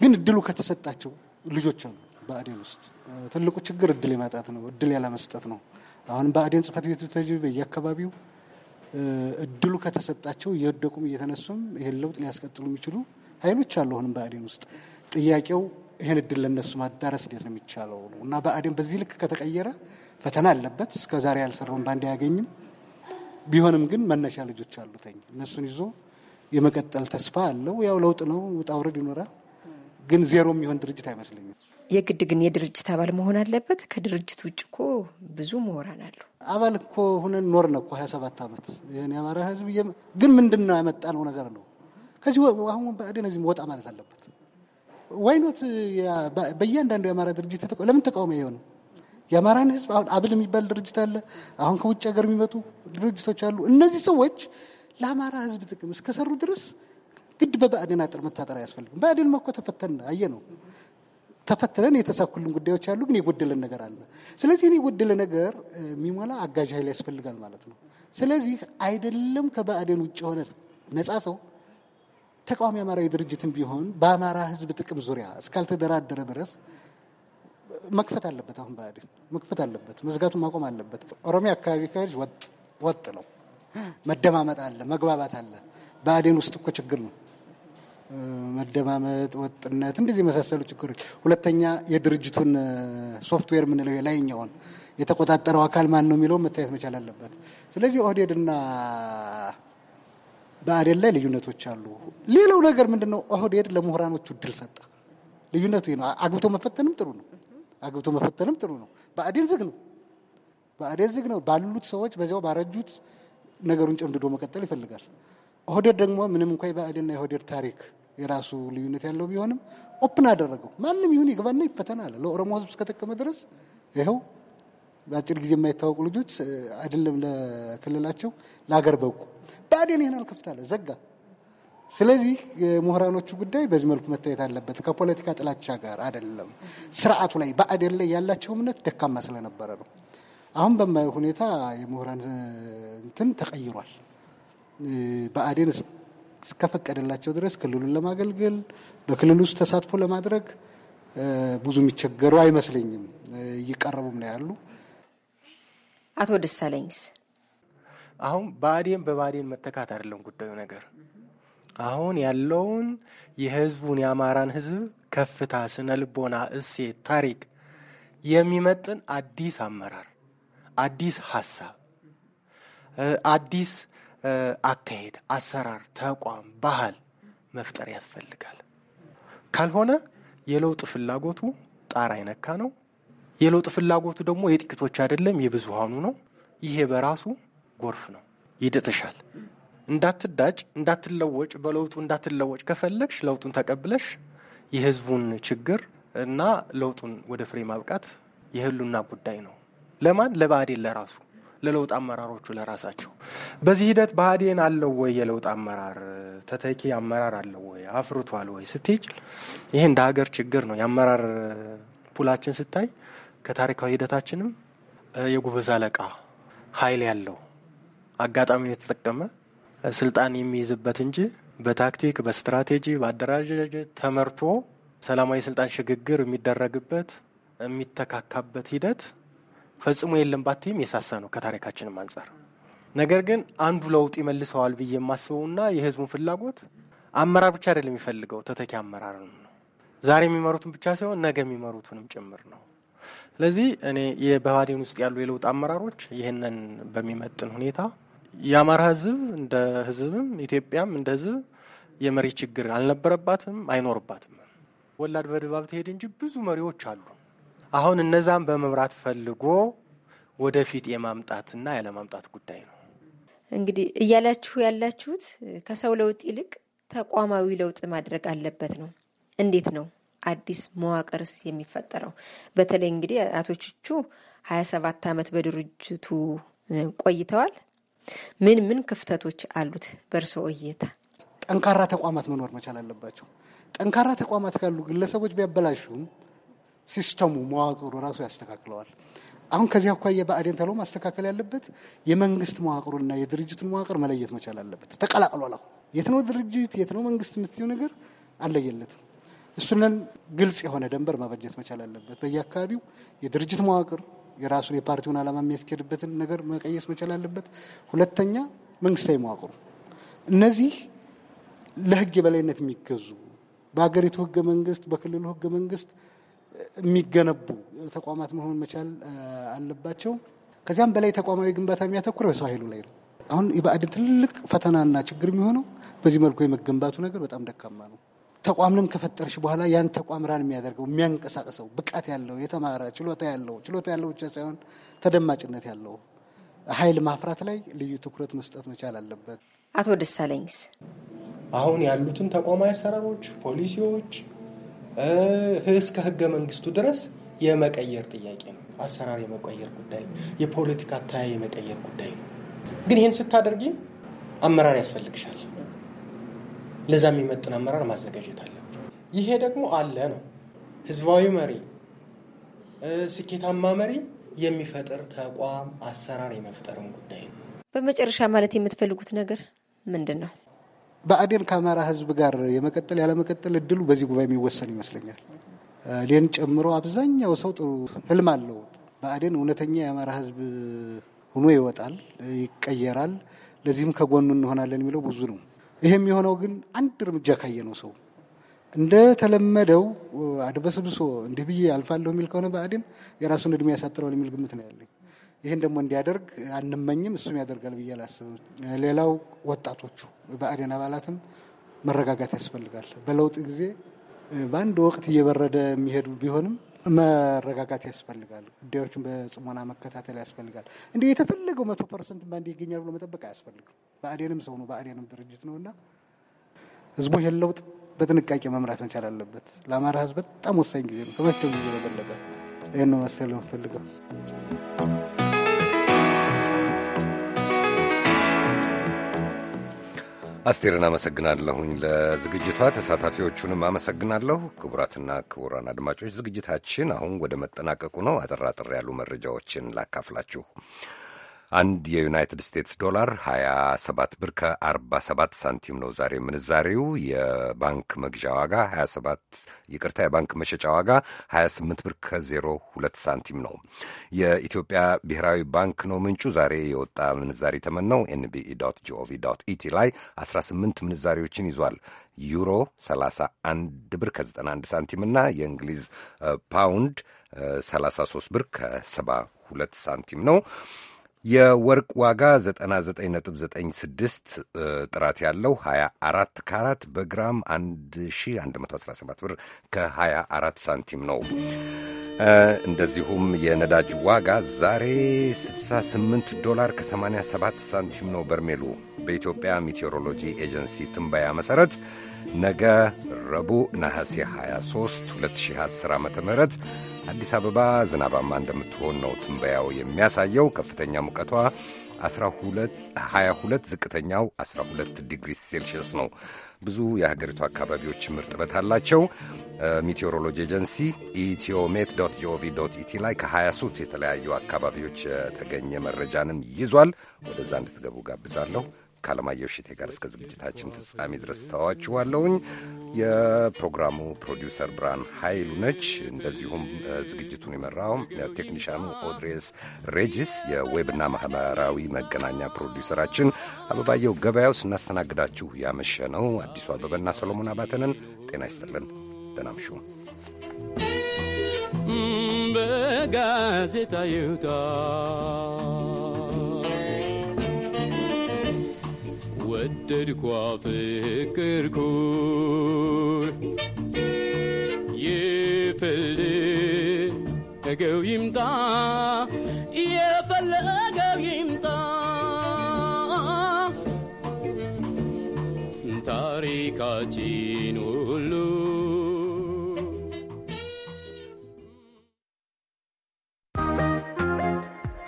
ግን እድሉ ከተሰጣቸው ልጆች አሉ በአዴን ውስጥ ትልቁ ችግር እድል የማጣት ነው፣ እድል ያለመስጠት ነው። አሁን በአዴን ጽህፈት ቤት በየአካባቢው እድሉ ከተሰጣቸው እየወደቁም እየተነሱም ይህን ለውጥ ሊያስቀጥሉ የሚችሉ ኃይሎች አሉ። አሁንም በአዴን ውስጥ ጥያቄው ይህን እድል ለነሱ ማዳረስ እንዴት ነው የሚቻለው እና በአዴን በዚህ ልክ ከተቀየረ ፈተና አለበት። እስከ ዛሬ ያልሰራውን በአንድ አያገኝም። ቢሆንም ግን መነሻ ልጆች አሉተኝ እነሱን ይዞ የመቀጠል ተስፋ አለው። ያው ለውጥ ነው፣ ውጣ ውረድ ይኖራል። ግን ዜሮ የሚሆን ድርጅት አይመስለኝም። የግድ ግን የድርጅት አባል መሆን አለበት። ከድርጅት ውጭ እኮ ብዙ ምሁራን አሉ። አባል እኮ ሁነን ኖር ነው እኮ ሀያ ሰባት ዓመት ይህን የአማራ ህዝብ ግን ምንድን ነው ያመጣነው ነገር ነው። ከዚህ አሁን ብአዴን እዚህ ወጣ ማለት አለበት። ወይኖት በእያንዳንዱ የአማራ ድርጅት ለምን ተቃውሞ የሆነው የአማራን ህዝብ አሁን አብል የሚባል ድርጅት አለ። አሁን ከውጭ ሀገር የሚመጡ ድርጅቶች አሉ። እነዚህ ሰዎች ለአማራ ህዝብ ጥቅም እስከሰሩ ድረስ ግድ በብአዴን አጥር መታጠር አያስፈልግም። ብአዴን እኮ ተፈተን አየ ነው ተፈትነን የተሳኩልን ጉዳዮች አሉ፣ ግን የጎደለን ነገር አለ። ስለዚህ የጎደለ ነገር የሚሞላ አጋዥ ኃይል ያስፈልጋል ማለት ነው። ስለዚህ አይደለም ከባዕደን ውጭ የሆነ ነጻ ሰው ተቃዋሚ አማራዊ ድርጅትም ቢሆን በአማራ ሕዝብ ጥቅም ዙሪያ እስካልተደራደረ ድረስ መክፈት አለበት። አሁን ብአዴን መክፈት አለበት፣ መዝጋቱን ማቆም አለበት። ኦሮሚያ አካባቢ ካሄድ ወጥ ወጥ ነው፣ መደማመጥ አለ፣ መግባባት አለ። ብአዴን ውስጥ እኮ ችግር ነው። መደማመጥ፣ ወጥነት እንደዚህ የመሳሰሉ ችግሮች። ሁለተኛ የድርጅቱን ሶፍትዌር የምንለው የላይኛውን የተቆጣጠረው አካል ማን ነው የሚለው መታየት መቻል አለበት። ስለዚህ ኦህዴድና በአዴል ላይ ልዩነቶች አሉ። ሌላው ነገር ምንድን ነው? ኦህዴድ ለምሁራኖቹ እድል ሰጠ። ልዩነቱ ነው። አግብቶ መፈተንም ጥሩ ነው። አግብቶ መፈተንም ጥሩ ነው። በአዴል ዝግ ነው። በአዴል ዝግ ነው። ባሉት ሰዎች በዚያው ባረጁት ነገሩን ጨምድዶ መቀጠል ይፈልጋል። ኦህዴድ ደግሞ ምንም እንኳ የብአዴንና የኦህዴድ ታሪክ የራሱ ልዩነት ያለው ቢሆንም ኦፕን አደረገው። ማንም ይሁን ይግባና ይፈተን አለ። ለኦሮሞ ህዝብ እስከጠቀመ ድረስ ይኸው በአጭር ጊዜ የማይታወቁ ልጆች አይደለም ለክልላቸው ለሀገር በቁ። ብአዴን ይህን አለ፣ ዘጋ። ስለዚህ የምሁራኖቹ ጉዳይ በዚህ መልኩ መታየት አለበት። ከፖለቲካ ጥላቻ ጋር አይደለም። ስርዓቱ ላይ ብአዴን ላይ ያላቸው እምነት ደካማ ስለነበረ ነው። አሁን በማየው ሁኔታ የምሁራን እንትን ተቀይሯል። ብአዴን እስከፈቀደላቸው ድረስ ክልሉን ለማገልገል በክልል ውስጥ ተሳትፎ ለማድረግ ብዙ የሚቸገሩ አይመስለኝም። እየቀረቡም ነው ያሉ። አቶ ደሳለኝስ አሁን ብአዴን በብአዴን መተካት አይደለም ጉዳዩ ነገር አሁን ያለውን የህዝቡን የአማራን ህዝብ ከፍታ፣ ስነ ልቦና፣ እሴት፣ ታሪክ የሚመጥን አዲስ አመራር፣ አዲስ ሀሳብ፣ አዲስ አካሄድ፣ አሰራር፣ ተቋም፣ ባህል መፍጠር ያስፈልጋል። ካልሆነ የለውጥ ፍላጎቱ ጣራ የነካ ነው። የለውጥ ፍላጎቱ ደግሞ የጥቂቶች አይደለም፣ የብዙሃኑ ነው። ይሄ በራሱ ጎርፍ ነው፣ ይድጥሻል። እንዳትዳጭ፣ እንዳትለወጭ፣ በለውጡ እንዳትለወጭ ከፈለግሽ ለውጡን ተቀብለሽ የህዝቡን ችግር እና ለውጡን ወደ ፍሬ ማብቃት የህሉና ጉዳይ ነው። ለማን? ለብአዴን ለራሱ ለለውጥ አመራሮቹ ለራሳቸው በዚህ ሂደት ብአዴን አለው ወይ የለውጥ አመራር ተተኪ አመራር አለው ወይ አፍርቷል ወይ ስትጅ ይሄ እንደ ሀገር ችግር ነው። የአመራር ፑላችን ስታይ ከታሪካዊ ሂደታችንም የጉበዝ አለቃ ኃይል ያለው አጋጣሚውን የተጠቀመ ስልጣን የሚይዝበት እንጂ በታክቲክ በስትራቴጂ በአደራጃጀት ተመርቶ ሰላማዊ ስልጣን ሽግግር የሚደረግበት የሚተካካበት ሂደት ፈጽሞ የለም ባትይም የሳሳ ነው ከታሪካችንም አንጻር። ነገር ግን አንዱ ለውጥ ይመልሰዋል ብዬ የማስበውና የህዝቡን ፍላጎት አመራር ብቻ አይደለም የሚፈልገው ተተኪ አመራር ነው። ዛሬ የሚመሩትን ብቻ ሳይሆን ነገ የሚመሩትንም ጭምር ነው። ስለዚህ እኔ በባህዴን ውስጥ ያሉ የለውጥ አመራሮች ይህንን በሚመጥን ሁኔታ የአማራ ህዝብ እንደ ህዝብም ኢትዮጵያም እንደ ህዝብ የመሪ ችግር አልነበረባትም፣ አይኖርባትም። ወላድ በድባብ ትሄድ እንጂ ብዙ መሪዎች አሉ። አሁን እነዛም በመምራት ፈልጎ ወደፊት የማምጣትና ያለማምጣት ጉዳይ ነው። እንግዲህ እያላችሁ ያላችሁት ከሰው ለውጥ ይልቅ ተቋማዊ ለውጥ ማድረግ አለበት ነው። እንዴት ነው አዲስ መዋቅርስ የሚፈጠረው? በተለይ እንግዲህ አቶቹ ሀያ ሰባት አመት በድርጅቱ ቆይተዋል። ምን ምን ክፍተቶች አሉት በእርሶ እይታ? ጠንካራ ተቋማት መኖር መቻል አለባቸው። ጠንካራ ተቋማት ካሉ ግለሰቦች ቢያበላሹም ሲስተሙ መዋቅሩ ራሱ ያስተካክለዋል። አሁን ከዚህ አኳያ ብአዴን ተብሎ ማስተካከል ያለበት የመንግስት መዋቅሩና የድርጅት መዋቅር መለየት መቻል አለበት። ተቀላቅሏል። አሁን የት ነው ድርጅት የት ነው መንግስት የምትየው ነገር አለየለትም። እሱንን ግልጽ የሆነ ደንበር ማበጀት መቻል አለበት። በየአካባቢው የድርጅት መዋቅር የራሱን የፓርቲውን ዓላማ የሚያስኬድበትን ነገር መቀየስ መቻል አለበት። ሁለተኛ መንግስታዊ መዋቅሩ እነዚህ ለህግ የበላይነት የሚገዙ በሀገሪቱ ህገ መንግስት፣ በክልሉ ህገ መንግስት የሚገነቡ ተቋማት መሆን መቻል አለባቸው። ከዚያም በላይ ተቋማዊ ግንባታ የሚያተኩረው የሰው ኃይሉ ላይ ነው። አሁን የብአዴን ትልቅ ፈተናና ችግር የሚሆነው በዚህ መልኩ የመገንባቱ ነገር በጣም ደካማ ነው። ተቋምንም ከፈጠርሽ በኋላ ያን ተቋም ራን የሚያደርገው የሚያንቀሳቅሰው ብቃት ያለው የተማረ ችሎታ ያለው ችሎታ ያለው ብቻ ሳይሆን ተደማጭነት ያለው ኃይል ማፍራት ላይ ልዩ ትኩረት መስጠት መቻል አለበት። አቶ ደሳለኝስ አሁን ያሉትን ተቋማዊ አሰራሮች፣ ፖሊሲዎች እስከ ህገ መንግስቱ ድረስ የመቀየር ጥያቄ ነው። አሰራር የመቀየር ጉዳይ፣ የፖለቲካ አተያይ የመቀየር ጉዳይ ነው። ግን ይህን ስታደርጊ አመራር ያስፈልግሻል። ለዛ የሚመጥን አመራር ማዘጋጀት አለ። ይሄ ደግሞ አለ ነው። ህዝባዊ መሪ፣ ስኬታማ መሪ የሚፈጥር ተቋም አሰራር የመፍጠርም ጉዳይ ነው። በመጨረሻ ማለት የምትፈልጉት ነገር ምንድን ነው? በአዴን ከአማራ ህዝብ ጋር የመቀጠል ያለመቀጠል እድሉ በዚህ ጉባኤ የሚወሰን ይመስለኛል። እኔን ጨምሮ አብዛኛው ሰው ህልም አለው። በአዴን እውነተኛ የአማራ ህዝብ ሆኖ ይወጣል፣ ይቀየራል፣ ለዚህም ከጎኑ እንሆናለን የሚለው ብዙ ነው። ይህ የሚሆነው ግን አንድ እርምጃ ካየ ነው። ሰው እንደተለመደው አድበስብሶ እንዲህ ብዬ አልፋለሁ የሚል ከሆነ በአዴን የራሱን እድሜ ያሳጥረዋል የሚል ግምት ነው ያለኝ። ይህን ደግሞ እንዲያደርግ አንመኝም፣ እሱም ያደርጋል ብዬ አላስብም። ሌላው ወጣቶቹ በአዴን አባላትም መረጋጋት ያስፈልጋል። በለውጥ ጊዜ በአንድ ወቅት እየበረደ የሚሄዱ ቢሆንም መረጋጋት ያስፈልጋል። ጉዳዮችን በጽሞና መከታተል ያስፈልጋል። እንዲህ የተፈለገው መቶ ፐርሰንት በአንድ ይገኛል ብሎ መጠበቅ አያስፈልግም። በአዴንም ሰው ነው፣ በአዴንም ድርጅት ነው እና ህዝቡ ይህን ለውጥ በጥንቃቄ መምራት መቻል አለበት። ለአማራ ህዝብ በጣም ወሳኝ ጊዜ ነው። ከመቼውም ጊዜ በበለጠ ይህን መሰል የምፈልገው። አስቴርን አመሰግናለሁኝ ለዝግጅቷ። ተሳታፊዎቹንም አመሰግናለሁ። ክቡራትና ክቡራን አድማጮች ዝግጅታችን አሁን ወደ መጠናቀቁ ነው። አጠራጥር ያሉ መረጃዎችን ላካፍላችሁ። አንድ የዩናይትድ ስቴትስ ዶላር 27 ብር ከ47 ሳንቲም ነው ዛሬ ምንዛሬው። የባንክ መግዣ ዋጋ 27 ይቅርታ፣ የባንክ መሸጫ ዋጋ 28 ብር ከ02 ሳንቲም ነው። የኢትዮጵያ ብሔራዊ ባንክ ነው ምንጩ። ዛሬ የወጣ ምንዛሪ ተመን ነው። ኤንቢኢ ጂኦቪ ኢቲ ላይ 18 ምንዛሪዎችን ይዟል። ዩሮ 31 ብር ከ91 ሳንቲም እና የእንግሊዝ ፓውንድ 33 ብር ከ72 ሳንቲም ነው። የወርቅ ዋጋ 99.96 ጥራት ያለው 24 ካራት በግራም 1117 ብር ከ24 ሳንቲም ነው። እንደዚሁም የነዳጅ ዋጋ ዛሬ 68 ዶላር ከ87 ሳንቲም ነው በርሜሉ። በኢትዮጵያ ሜቴዎሮሎጂ ኤጀንሲ ትንበያ መሠረት ነገ ረቡዕ ነሐሴ 23 2010 ዓ ም አዲስ አበባ ዝናባማ እንደምትሆን ነው ትንበያው የሚያሳየው። ከፍተኛ ሙቀቷ 22፣ ዝቅተኛው 12 ዲግሪ ሴልሽየስ ነው። ብዙ የሀገሪቱ አካባቢዎች እርጥበት አላቸው። ሜቴዎሮሎጂ ኤጀንሲ ኢትዮሜት ዶት ጂኦቪ ዶት ኢቲ ላይ ከ23 የተለያዩ አካባቢዎች የተገኘ መረጃንም ይዟል። ወደዛ እንድትገቡ ጋብዛለሁ። ከአለማየሁ ሽቴ ጋር እስከ ዝግጅታችን ፍጻሜ ድረስ ተዋችኋለሁኝ። የፕሮግራሙ ፕሮዲውሰር ብርሃን ኃይሉ ነች። እንደዚሁም ዝግጅቱን የመራው ቴክኒሻኑ ኦድሬስ ሬጂስ፣ የዌብና ማህበራዊ መገናኛ ፕሮዲውሰራችን አበባየው ገበያው፣ ስናስተናግዳችሁ ያመሸ ነው አዲሱ አበበና ሰሎሞን አባተንን። ጤና ይስጥልን። ደህና እምሹ በጋዜጣ ይውጣ ወደድኳ ፍቅርኩል የፈለገው ይምጣ የፈለገው ይምጣ ታሪካችን ሁሉ